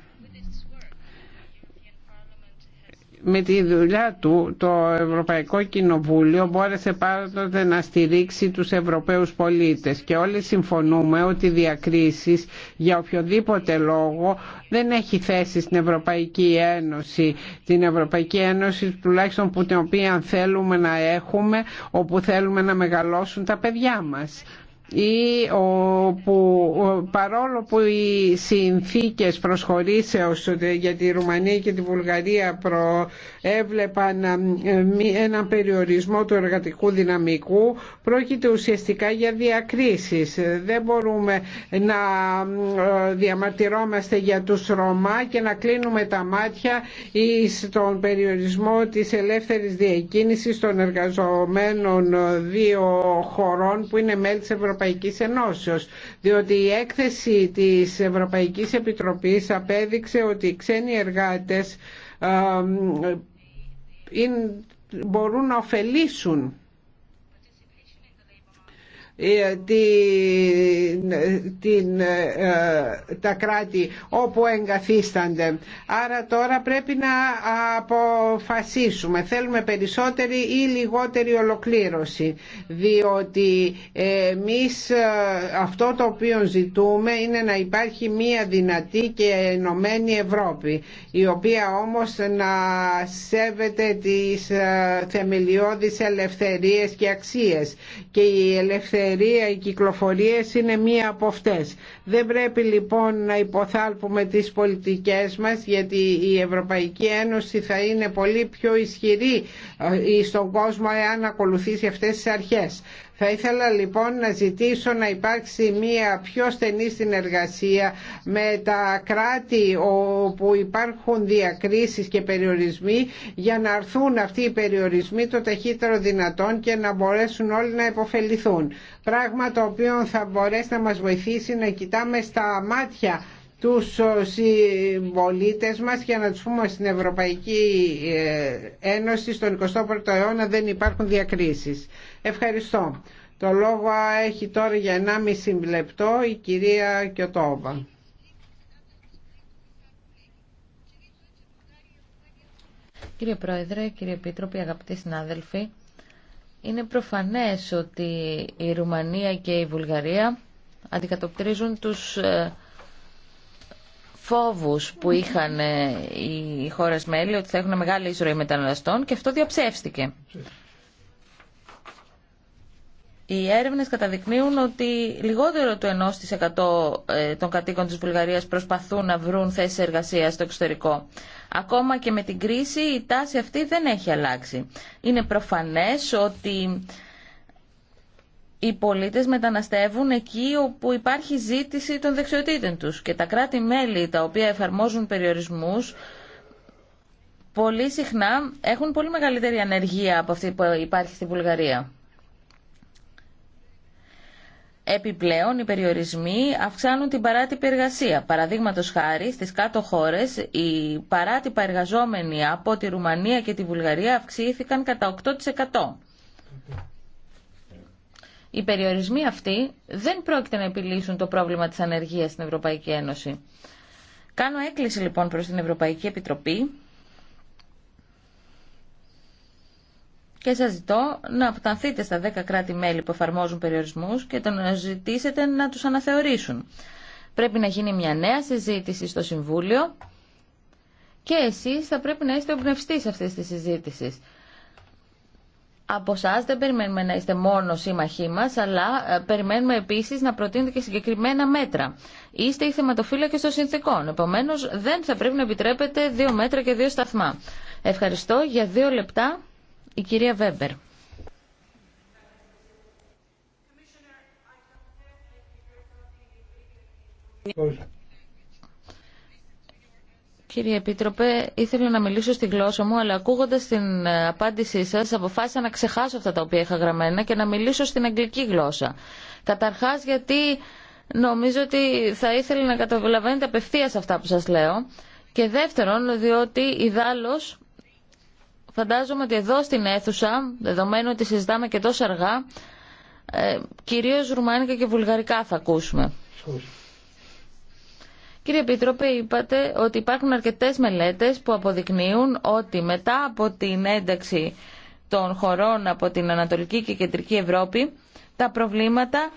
S3: με τη δουλειά του το Ευρωπαϊκό Κοινοβούλιο μπόρεσε πάντοτε να στηρίξει τους Ευρωπαίους πολίτες και όλοι συμφωνούμε ότι διακρίσεις για οποιοδήποτε λόγο δεν έχει θέση στην Ευρωπαϊκή Ένωση την Ευρωπαϊκή Ένωση τουλάχιστον που την οποία θέλουμε να έχουμε όπου θέλουμε να μεγαλώσουν τα παιδιά μας ή όπου παρόλο που οι συνθήκες προσχωρήσεως για τη Ρουμανία και τη Βουλγαρία προέβλεπαν ε, έναν περιορισμό του εργατικού δυναμικού πρόκειται ουσιαστικά για διακρίσεις. Δεν μπορούμε να ε, διαμαρτυρόμαστε για τους Ρωμά και να κλείνουμε τα μάτια στον περιορισμό της ελεύθερης διακίνησης των εργαζομένων δύο χωρών που είναι μέλη της Ευρωπαϊκής Ευρωπαϊκής διότι η έκθεση της Ευρωπαϊκής Επιτροπής απέδειξε ότι οι ξένοι εργάτες ε, ε, μπορούν να ωφελήσουν ε, την, ε, τα κράτη όπου εγκαθίστανται. Άρα τώρα πρέπει να αποφασίσουμε. Θέλουμε περισσότερη ή λιγότερη ολοκλήρωση. Διότι εμείς ε, αυτό το οποίο ζητούμε είναι να υπάρχει μία δυνατή και ενωμένη Ευρώπη η οποία όμως να σέβεται τις θεμελιώδεις ελευθερίες και αξίες και η ελευθερία ελευθερία, οι κυκλοφορίες είναι μία από αυτές. Δεν πρέπει λοιπόν να υποθάλπουμε τις πολιτικές μας γιατί η Ευρωπαϊκή Ένωση θα είναι πολύ πιο ισχυρή ε, στον κόσμο εάν ακολουθήσει αυτές τις αρχές. Θα ήθελα λοιπόν να ζητήσω να υπάρξει μία πιο στενή συνεργασία με τα κράτη όπου υπάρχουν διακρίσεις και περιορισμοί για να αρθούν αυτοί οι περιορισμοί το ταχύτερο δυνατόν και να μπορέσουν όλοι να υποφεληθούν. Πράγμα το οποίο θα μπορέσει να μας βοηθήσει να κοιτάμε στα μάτια τους ε, συμπολίτε μας για να τους πούμε στην Ευρωπαϊκή ε, Ένωση στον 21ο αιώνα δεν υπάρχουν διακρίσεις. Ευχαριστώ. Το λόγο έχει τώρα για 1,5 λεπτό η κυρία Κιωτόβα.
S1: Κύριε Πρόεδρε, κύριε Επίτροπη, αγαπητοί συνάδελφοι, είναι προφανές ότι η Ρουμανία και η Βουλγαρία αντικατοπτρίζουν τους ε, φόβους που είχαν ε, οι χώρες μέλη ότι θα έχουν μεγάλη ισορροή μεταναστών και αυτό διαψεύστηκε. Οι έρευνες καταδεικνύουν ότι λιγότερο του 1% ε, των κατοίκων της Βουλγαρίας προσπαθούν να βρουν θέσεις εργασίας στο εξωτερικό. Ακόμα και με την κρίση η τάση αυτή δεν έχει αλλάξει. Είναι προφανές ότι οι πολίτες μεταναστεύουν εκεί όπου υπάρχει ζήτηση των δεξιοτήτων τους και τα κράτη-μέλη τα οποία εφαρμόζουν περιορισμούς πολύ συχνά έχουν πολύ μεγαλύτερη ανεργία από αυτή που υπάρχει στη Βουλγαρία. Επιπλέον, οι περιορισμοί αυξάνουν την παράτυπη εργασία. Παραδείγματο χάρη, στι κάτω χώρε, οι παράτυπα εργαζόμενοι από τη Ρουμανία και τη Βουλγαρία αυξήθηκαν κατά 8%. Οι περιορισμοί αυτοί δεν πρόκειται να επιλύσουν το πρόβλημα της ανεργίας στην Ευρωπαϊκή Ένωση. Κάνω έκκληση λοιπόν προς την Ευρωπαϊκή Επιτροπή και σας ζητώ να αποτανθείτε στα 10 κράτη-μέλη που εφαρμόζουν περιορισμούς και να ζητήσετε να τους αναθεωρήσουν. Πρέπει να γίνει μια νέα συζήτηση στο Συμβούλιο και εσείς θα πρέπει να είστε εμπνευστοί σε αυτές τις από εσά δεν περιμένουμε να είστε μόνο σύμμαχοί μα, αλλά ε, περιμένουμε επίση να προτείνετε και συγκεκριμένα μέτρα. Είστε οι θεματοφύλακε των συνθήκων. Επομένω, δεν θα πρέπει να επιτρέπετε δύο μέτρα και δύο σταθμά. Ευχαριστώ. Για δύο λεπτά η κυρία Βέμπερ. Κύριε Επίτροπε, ήθελα να μιλήσω στη γλώσσα μου, αλλά ακούγοντα την ε, απάντησή σα, αποφάσισα να ξεχάσω αυτά τα οποία είχα γραμμένα και να μιλήσω στην αγγλική γλώσσα. Καταρχά, γιατί νομίζω ότι θα ήθελα να καταλαβαίνετε απευθεία αυτά που σα λέω. Και δεύτερον, διότι ιδάλω φαντάζομαι ότι εδώ στην αίθουσα, δεδομένου ότι συζητάμε και τόσο αργά, ε, κυρίως ρουμάνικα και βουλγαρικά θα ακούσουμε. Κύριε Επίτροπε, είπατε ότι υπάρχουν αρκετές μελέτες που αποδεικνύουν ότι μετά από την ένταξη των χωρών από την Ανατολική και Κεντρική Ευρώπη, τα προβλήματα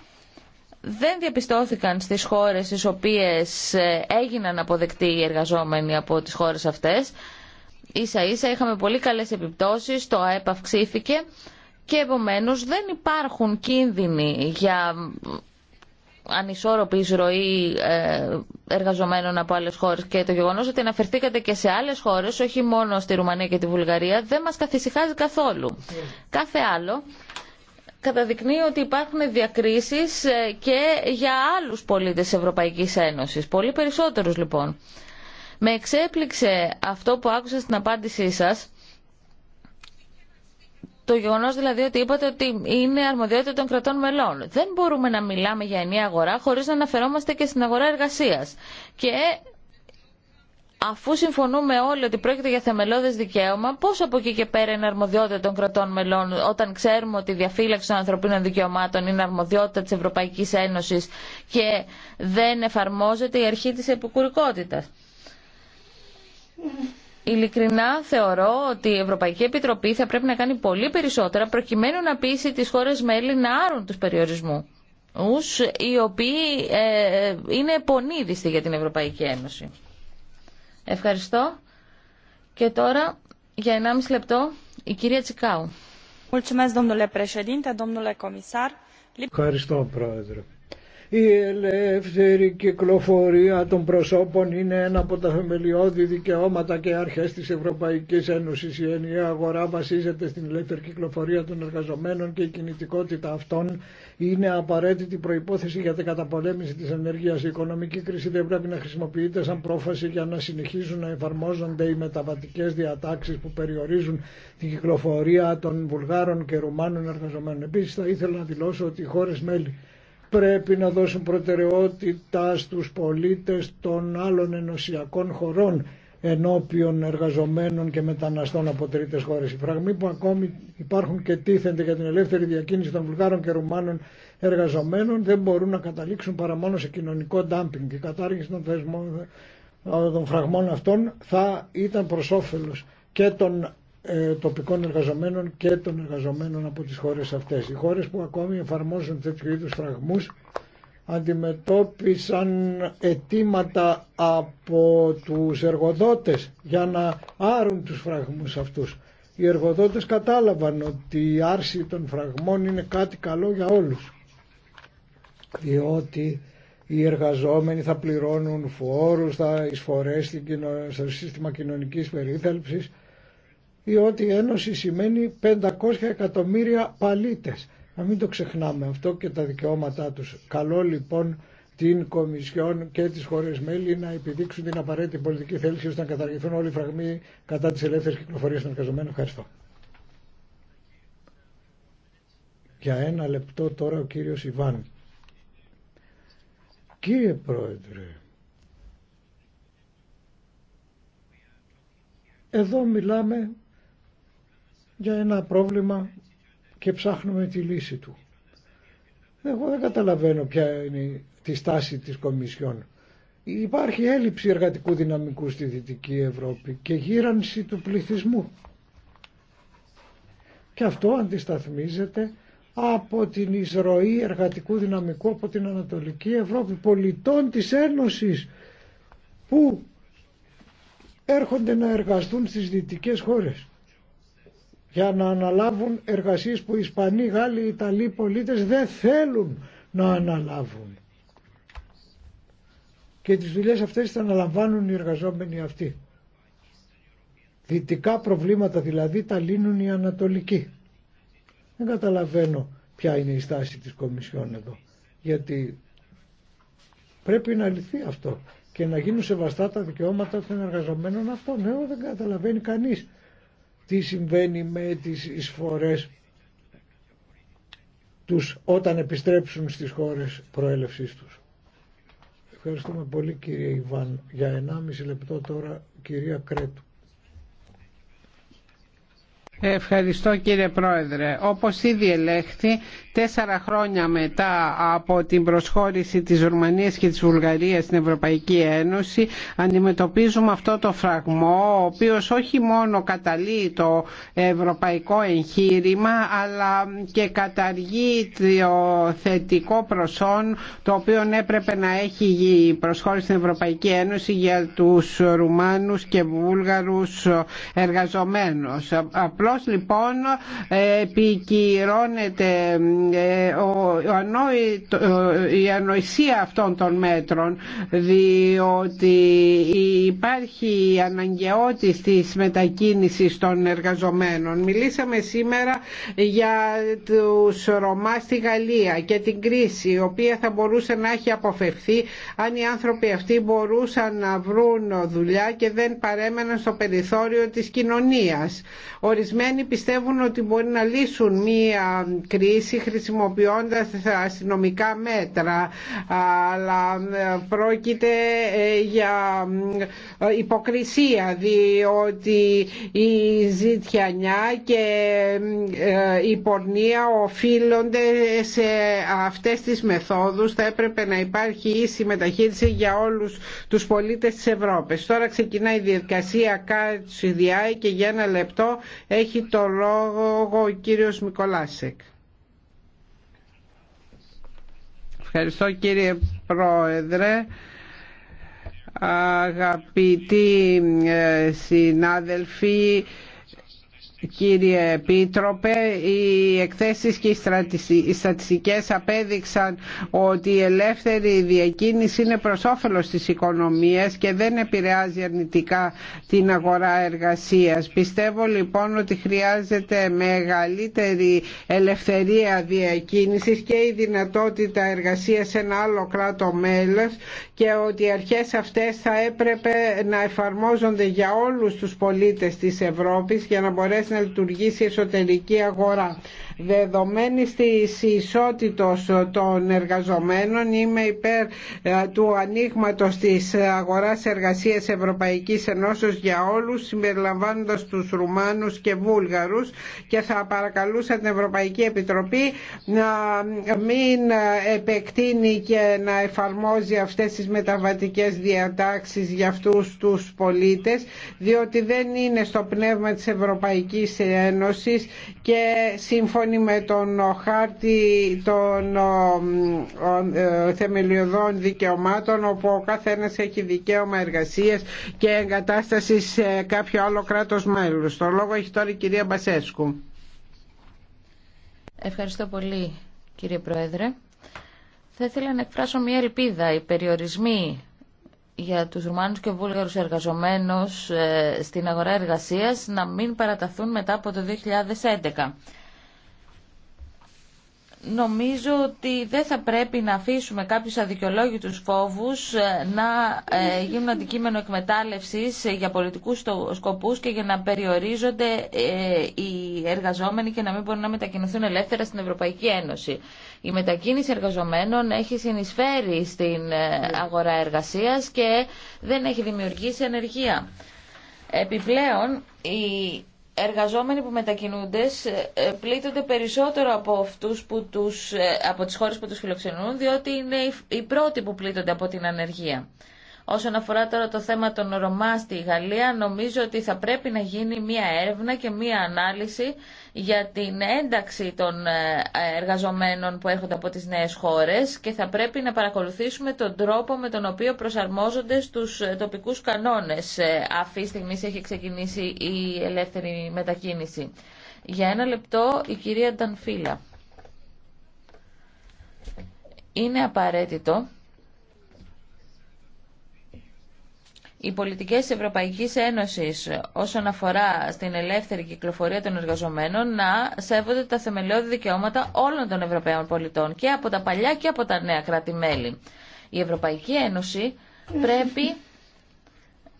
S1: δεν διαπιστώθηκαν στις χώρες στις οποίες ε, έγιναν αποδεκτοί οι εργαζόμενοι από τις χώρες αυτές. Ίσα ίσα είχαμε πολύ καλές επιπτώσεις, το ΑΕΠ αυξήθηκε και επομένως δεν υπάρχουν κίνδυνοι για ανισόρροπη ροή ε, εργαζομένων από άλλε χώρες και το γεγονός ότι αναφερθήκατε και σε άλλες χώρες, όχι μόνο στη Ρουμανία και τη Βουλγαρία, δεν μας καθησυχάζει καθόλου. Κάθε άλλο καταδεικνύει ότι υπάρχουν διακρίσεις ε, και για άλλους πολίτες τη Ευρωπαϊκής Ένωσης, πολύ περισσότερους λοιπόν. Με εξέπληξε αυτό που άκουσα στην απάντησή σας, το γεγονό δηλαδή ότι είπατε ότι είναι αρμοδιότητα των κρατών μελών. Δεν μπορούμε να μιλάμε για ενιαία αγορά χωρί να αναφερόμαστε και στην αγορά εργασία. Και αφού συμφωνούμε όλοι ότι πρόκειται για θεμελώδε δικαίωμα, πώ από εκεί και πέρα είναι αρμοδιότητα των κρατών μελών, όταν ξέρουμε ότι η διαφύλαξη των ανθρωπίνων δικαιωμάτων είναι αρμοδιότητα τη Ευρωπαϊκή Ένωση και δεν εφαρμόζεται η αρχή της επικουρικότητας. Ειλικρινά θεωρώ ότι η Ευρωπαϊκή Επιτροπή θα πρέπει να κάνει πολύ περισσότερα προκειμένου να πείσει τις χώρες μέλη να άρουν τους περιορισμούς οι οποίοι ε, είναι πονίδιστοι για την Ευρωπαϊκή Ένωση. Ευχαριστώ. Και τώρα για 1,5 λεπτό η κυρία Τσικάου.
S2: Ευχαριστώ πρόεδρε. Η ελεύθερη κυκλοφορία των προσώπων είναι ένα από τα θεμελιώδη δικαιώματα και αρχές της Ευρωπαϊκής Ένωσης. Η ενιαία αγορά βασίζεται στην ελεύθερη κυκλοφορία των εργαζομένων και η κινητικότητα αυτών είναι απαραίτητη προϋπόθεση για την καταπολέμηση της ενέργειας. Η οικονομική κρίση δεν πρέπει να χρησιμοποιείται σαν πρόφαση για να συνεχίζουν να εφαρμόζονται οι μεταβατικές διατάξεις που περιορίζουν την κυκλοφορία των Βουλγάρων και Ρουμάνων εργαζομένων. Επίση θα ήθελα να δηλώσω ότι οι χώρες μέλη πρέπει να δώσουν προτεραιότητα στους πολίτες των άλλων ενωσιακών χωρών ενώπιον εργαζομένων και μεταναστών από τρίτες χώρες. Οι φραγμοί που ακόμη υπάρχουν και τίθενται για την ελεύθερη διακίνηση των Βουλγάρων και Ρουμάνων εργαζομένων δεν μπορούν να καταλήξουν παρά μόνο σε κοινωνικό ντάμπινγκ. Η κατάργηση των, θεσμών, των φραγμών αυτών θα ήταν προς όφελος και των ε, τοπικών εργαζομένων και των εργαζομένων από τις χώρες αυτές. Οι χώρες που ακόμη εφαρμόζουν τέτοιου είδους φραγμούς αντιμετώπισαν αιτήματα από τους εργοδότες για να άρουν τους φραγμούς αυτούς. Οι εργοδότες κατάλαβαν ότι η άρση των φραγμών είναι κάτι καλό για όλους. Διότι οι εργαζόμενοι θα πληρώνουν φόρους, θα εισφορέσουν στο σύστημα κοινωνικής περίθαλψης οτι η Ένωση σημαίνει 500 εκατομμύρια παλίτες. Να μην το ξεχνάμε αυτό και τα δικαιώματά τους. Καλό λοιπόν την Κομισιόν και τις χώρες μέλη να επιδείξουν την απαραίτητη πολιτική θέληση ώστε να καταργηθούν όλοι οι φραγμοί κατά τις ελεύθερες κυκλοφορίες των εργαζομένων. Ευχαριστώ. Για ένα λεπτό τώρα ο κύριος Ιβάν. Κύριε Πρόεδρε, εδώ μιλάμε για ένα πρόβλημα και ψάχνουμε τη λύση του. Εγώ δεν καταλαβαίνω ποια είναι τη στάση της Κομισιόν. Υπάρχει έλλειψη εργατικού δυναμικού στη Δυτική Ευρώπη και γύρανση του πληθυσμού. Και αυτό αντισταθμίζεται από την εισρωή εργατικού δυναμικού από την Ανατολική Ευρώπη, πολιτών της Ένωσης που έρχονται να εργαστούν στις δυτικές χώρες για να αναλάβουν εργασίες που οι Ισπανοί, Γάλλοι, Ιταλοί πολίτες δεν θέλουν να αναλάβουν. Και τις δουλειές αυτές θα αναλαμβάνουν οι εργαζόμενοι αυτοί. Δυτικά προβλήματα δηλαδή τα λύνουν οι Ανατολικοί. Δεν καταλαβαίνω ποια είναι η στάση της Κομισιόν εδώ. Γιατί πρέπει να λυθεί αυτό και να γίνουν σεβαστά τα δικαιώματα των εργαζομένων αυτών. Ναι, δεν καταλαβαίνει κανείς τι συμβαίνει με τις εισφορές τους όταν επιστρέψουν στις χώρες προέλευσής τους. Ευχαριστούμε πολύ κύριε Ιβάν. Για 1,5 λεπτό τώρα κυρία Κρέτου.
S3: Ευχαριστώ κύριε Πρόεδρε. Όπως ήδη ελέγχθη, τέσσερα χρόνια μετά από την προσχώρηση της Ρουμανίας και της Βουλγαρίας στην Ευρωπαϊκή Ένωση αντιμετωπίζουμε αυτό το φραγμό ο οποίος όχι μόνο καταλύει το ευρωπαϊκό εγχείρημα αλλά και καταργεί το θετικό προσόν το οποίο έπρεπε να έχει η προσχώρηση στην Ευρωπαϊκή Ένωση για τους Ρουμάνους και Βούλγαρους εργαζομένους. Απλώς λοιπόν επικυρώνεται ε, η ανοησία αυτών των μέτρων διότι υπάρχει η αναγκαιότητα της μετακίνησης των εργαζομένων. Μιλήσαμε σήμερα για τους Ρωμά στη Γαλλία και την κρίση η οποία θα μπορούσε να έχει αποφευθεί αν οι άνθρωποι αυτοί μπορούσαν να βρουν δουλειά και δεν παρέμεναν στο περιθώριο της κοινωνίας ορισμένοι πιστεύουν ότι μπορεί να λύσουν μία κρίση χρησιμοποιώντας αστυνομικά μέτρα αλλά ε, πρόκειται ε, για ε, υποκρισία διότι η ζητιανιά και η πορνεία οφείλονται σε αυτές τις μεθόδους θα έπρεπε να υπάρχει ίση μεταχείριση για όλους τους πολίτες της Ευρώπης. Τώρα ξεκινάει η διαδικασία κάτω και για ένα λεπτό έχει το λόγο ο κύριος Μικολάσεκ. Ευχαριστώ κύριε Πρόεδρε. Αγαπητοί ε, συνάδελφοι, κύριε Επίτροπε, οι εκθέσεις και οι στατιστικές απέδειξαν ότι η ελεύθερη διακίνηση είναι προς όφελος της οικονομίας και δεν επηρεάζει αρνητικά την αγορά εργασίας. Πιστεύω λοιπόν ότι χρειάζεται μεγαλύτερη ελευθερία διακίνησης και η δυνατότητα εργασίας σε ένα άλλο κράτο μέλος και ότι οι αρχές αυτές θα έπρεπε να εφαρμόζονται για όλους τους πολίτες της Ευρώπης για να μπορέσει να λειτουργήσει η εσωτερική αγορά. Δεδομένη τη ισότητος των εργαζομένων είμαι υπέρ ε, του ανοίγματο της αγοράς εργασίας Ευρωπαϊκής Ενώσεω για όλους συμπεριλαμβάνοντας τους Ρουμάνους και Βούλγαρους και θα παρακαλούσα την Ευρωπαϊκή Επιτροπή να μην επεκτείνει και να εφαρμόζει αυτές τις μεταβατικές διατάξεις για αυτούς τους πολίτες διότι δεν είναι στο πνεύμα τη Ευρωπαϊκή Ένωσης και κάνει με τον χάρτη των ε, θεμελιωδών δικαιωμάτων όπου ο καθένας έχει δικαίωμα εργασίας και εγκατάσταση σε κάποιο άλλο κράτος μέλους. Το λόγο έχει τώρα η κυρία Μπασέσκου.
S1: Ευχαριστώ πολύ κύριε Πρόεδρε. Θα ήθελα να εκφράσω μια ελπίδα. Οι περιορισμοί για τους Ρουμάνους και Βούλγαρους εργαζομένους ε, στην αγορά εργασίας να μην παραταθούν μετά από το 2011 νομίζω ότι δεν θα πρέπει να αφήσουμε κάποιους αδικαιολόγητους φόβους ε, να ε, γίνουν αντικείμενο εκμετάλλευσης για πολιτικούς σκοπούς και για να περιορίζονται ε, οι εργαζόμενοι και να μην μπορούν να μετακινηθούν ελεύθερα στην Ευρωπαϊκή Ένωση. Η μετακίνηση εργαζομένων έχει συνεισφέρει στην αγορά εργασίας και δεν έχει δημιουργήσει ανεργία. Επιπλέον, η εργαζόμενοι που μετακινούνται ε, πλήττονται περισσότερο από αυτούς που τους, ε, από τις χώρες που τους φιλοξενούν, διότι είναι οι πρώτοι που πλήττονται από την ανεργία. Όσον αφορά τώρα το θέμα των Ρωμά στη Γαλλία, νομίζω ότι θα πρέπει να γίνει μία έρευνα και μία ανάλυση για την ένταξη των ε, εργαζομένων που έρχονται από τις νέες χώρες και θα πρέπει να παρακολουθήσουμε τον τρόπο με τον οποίο προσαρμόζονται στους ε, τοπικούς κανόνες. Ε, αυτή τη στιγμή έχει ξεκινήσει η ελεύθερη μετακίνηση. Για ένα λεπτό η κυρία Ντανφίλα. Είναι απαραίτητο Οι πολιτικές της Ευρωπαϊκής Ένωσης όσον αφορά στην ελεύθερη κυκλοφορία των εργαζομένων να σέβονται τα θεμελιώδη δικαιώματα όλων των Ευρωπαίων πολιτών και από τα παλιά και από τα νέα κράτη-μέλη. Η Ευρωπαϊκή Ένωση πρέπει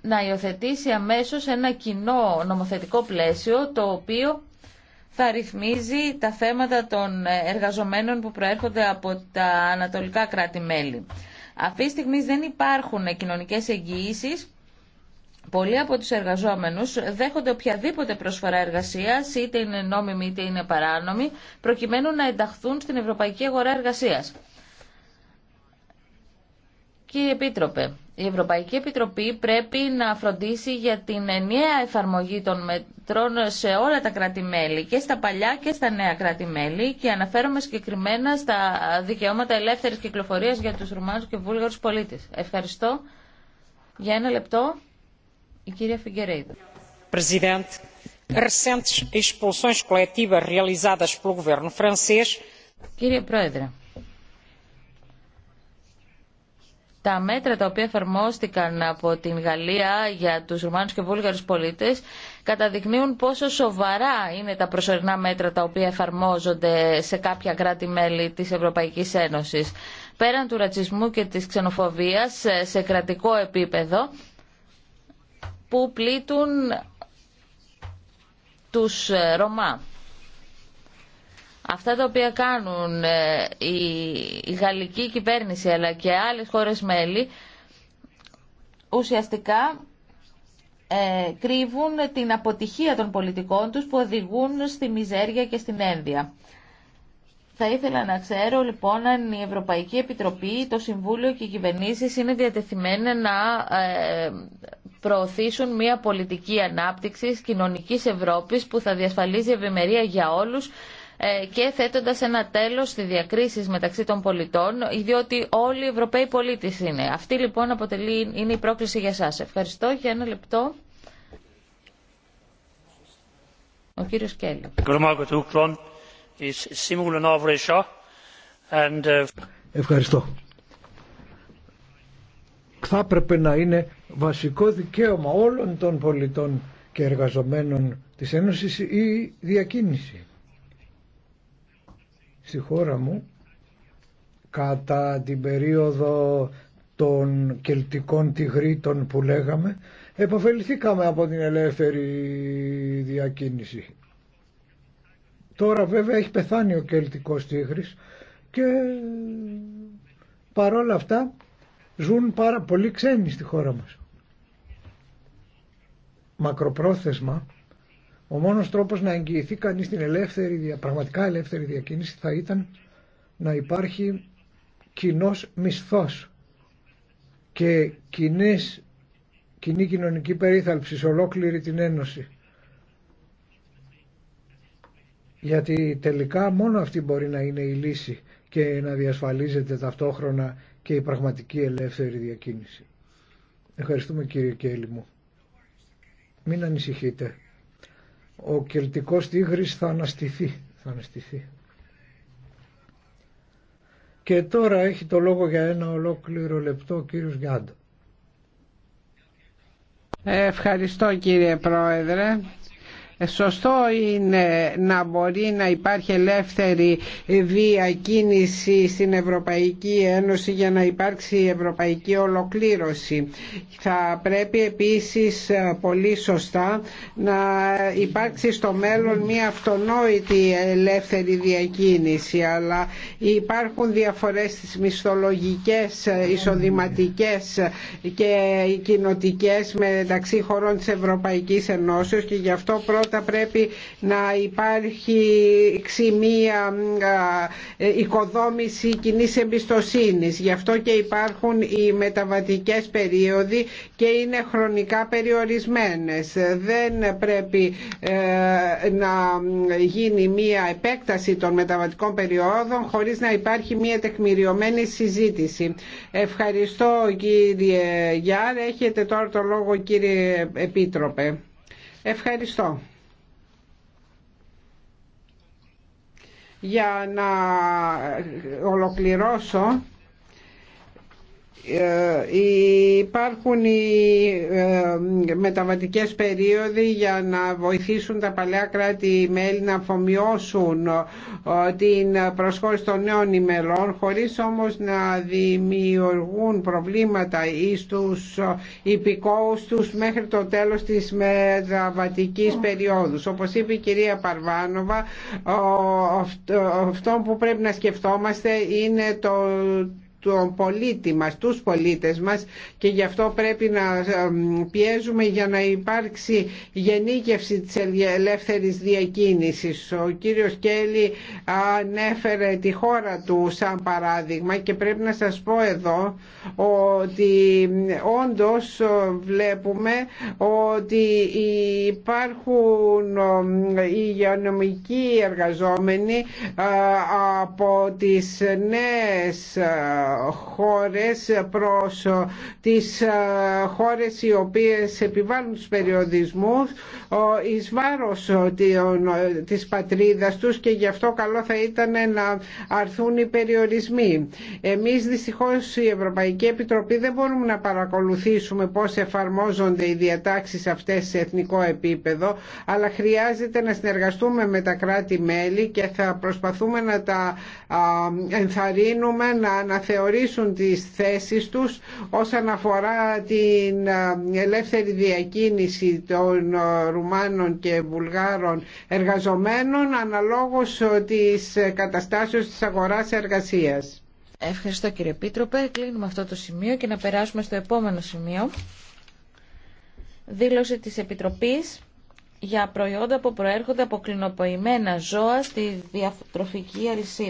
S1: να υιοθετήσει αμέσως ένα κοινό νομοθετικό πλαίσιο το οποίο θα ρυθμίζει τα θέματα των εργαζομένων που προέρχονται από τα ανατολικά κράτη-μέλη. Αυτή τη στιγμή δεν υπάρχουν κοινωνικές εγγυήσεις Πολλοί από τους εργαζόμενους δέχονται οποιαδήποτε προσφορά εργασίας, είτε είναι νόμιμη είτε είναι παράνομη, προκειμένου να ενταχθούν στην ευρωπαϊκή αγορά εργασίας. Κύριε Επίτροπε, η Ευρωπαϊκή Επιτροπή πρέπει να φροντίσει για την ενιαία εφαρμογή των μετρών σε όλα τα κράτη-μέλη, και στα παλιά και στα νέα κράτη-μέλη, και αναφέρομαι συγκεκριμένα στα δικαιώματα ελεύθερης κυκλοφορίας για τους Ρουμάνους και Βούλγαρους πολίτες. Ευχαριστώ. Για ένα λεπτό, η κυρία Φιγκερέιδο. Κύριε Πρόεδρε, τα μέτρα τα οποία εφαρμόστηκαν από την Γαλλία για τους Ρουμάνους και Βούλγαρους πολίτες καταδεικνύουν πόσο σοβαρά είναι τα προσωρινά μέτρα τα οποία εφαρμόζονται σε κάποια κράτη-μέλη της Ευρωπαϊκής Ένωσης. Πέραν του ρατσισμού και της ξενοφοβίας σε κρατικό επίπεδο που πλήττουν τους ε, Ρωμά. Αυτά τα οποία κάνουν ε, η γαλλική κυβέρνηση αλλά και άλλες χώρες μέλη ουσιαστικά ε, κρύβουν την αποτυχία των πολιτικών τους που οδηγούν στη μιζέρια και στην ένδια. Θα ήθελα να ξέρω λοιπόν αν η Ευρωπαϊκή Επιτροπή, το Συμβούλιο και οι κυβερνήσει είναι διατεθειμένα να ε, προωθήσουν μια πολιτική ανάπτυξης κοινωνικής Ευρώπης που θα διασφαλίζει ευημερία για όλους ε, και θέτοντα ένα τέλο στη διακρίση μεταξύ των πολιτών, διότι όλοι οι Ευρωπαίοι πολίτες είναι. Αυτή λοιπόν αποτελεί, είναι η πρόκληση για σας. Ευχαριστώ για ένα λεπτό. Ο κύριο
S2: Ευχαριστώ. Θα έπρεπε να είναι βασικό δικαίωμα όλων των πολιτών και εργαζομένων της Ένωσης η διακίνηση στη χώρα μου κατά την περίοδο των κελτικών τυγρήτων που λέγαμε επωφεληθήκαμε από την ελεύθερη διακίνηση. Τώρα βέβαια έχει πεθάνει ο κελτικός τίγρης και παρόλα αυτά ζουν πάρα πολύ ξένοι στη χώρα μας. Μακροπρόθεσμα ο μόνος τρόπος να εγγυηθεί κανείς την ελεύθερη, πραγματικά ελεύθερη διακίνηση θα ήταν να υπάρχει κοινό μισθός και κοινή κοινωνική περίθαλψη σε ολόκληρη την Ένωση. Γιατί τελικά μόνο αυτή μπορεί να είναι η λύση και να διασφαλίζεται ταυτόχρονα και η πραγματική ελεύθερη διακίνηση. Ευχαριστούμε κύριε Κέλλη μου. Μην ανησυχείτε ο κελτικός τίγρης θα αναστηθεί. Θα αναστηθεί. Και τώρα έχει το λόγο για ένα ολόκληρο λεπτό ο κύριος Γιάντο.
S3: Ε, ευχαριστώ κύριε Πρόεδρε. Ε, σωστό είναι να μπορεί να υπάρχει ελεύθερη διακίνηση στην Ευρωπαϊκή Ένωση για να υπάρξει η ευρωπαϊκή ολοκλήρωση. Θα πρέπει επίσης ε, πολύ σωστά να υπάρξει στο μέλλον μια αυτονόητη ελεύθερη διακίνηση αλλά υπάρχουν διαφορές στις μισθολογικές, ε, εισοδηματικές και κοινοτικές μεταξύ χωρών της Ευρωπαϊκής Ενώσεως και γι' αυτό πρώτα θα πρέπει να υπάρχει ξημία ε, οικοδόμηση κοινή εμπιστοσύνη. Γι' αυτό και υπάρχουν οι μεταβατικές περίοδοι και είναι χρονικά περιορισμένες. Δεν πρέπει ε, να γίνει μία επέκταση των μεταβατικών περιόδων χωρίς να υπάρχει μία τεκμηριωμένη συζήτηση. Ευχαριστώ κύριε Γιάρ. Έχετε τώρα το λόγο κύριε Επίτροπε. Ευχαριστώ. για να ολοκληρώσω ε, υπάρχουν οι ε, μεταβατικές περίοδοι για να βοηθήσουν τα παλαιά κράτη-μέλη να αφομοιώσουν ε, την προσχώρηση των νέων ημερών χωρίς όμως να δημιουργούν προβλήματα ή στους υπηκόους τους μέχρι το τέλος της μεταβατικής περίοδου. Όπως είπε η κυρία Παρβάνοβα αυτό που πρέπει να σκεφτόμαστε είναι το τον πολίτη μας, τους πολίτες μας και γι' αυτό πρέπει να πιέζουμε για να υπάρξει γενίκευση της ελεύθερης διακίνησης. Ο κύριος Κέλλη ανέφερε τη χώρα του σαν παράδειγμα και πρέπει να σας πω εδώ ότι όντως βλέπουμε ότι υπάρχουν οι υγειονομικοί εργαζόμενοι ε, από τις νέες χώρες προς ε, τις ε, χώρες οι οποίες επιβάλλουν τους περιοδισμούς ε, εις βάρος της πατρίδας τους και γι' αυτό καλό θα ήταν να αρθούν οι περιορισμοί. Εμείς δυστυχώς η Ευρωπαϊκή Επιτροπή δεν μπορούμε να παρακολουθήσουμε πώς εφαρμόζονται οι διατάξεις αυτές σε εθνικό επίπεδο αλλά χρειάζεται να συνεργαστούμε με τα κράτη-μέλη και θα προσπαθούμε να τα ενθαρρύνουμε να αναθεωρήσουμε αναθεωρήσουν τις θέσεις τους όσον αφορά την ε, ελεύθερη διακίνηση των ε, Ρουμάνων και Βουλγάρων εργαζομένων αναλόγως ε, της καταστάσεως της αγοράς
S1: εργασίας. Ευχαριστώ κύριε Πίτροπε. Κλείνουμε αυτό το σημείο και να περάσουμε στο επόμενο σημείο. Δήλωση της Επιτροπής για προϊόντα που προέρχονται από κλινοποιημένα ζώα στη διατροφική αλυσίδα.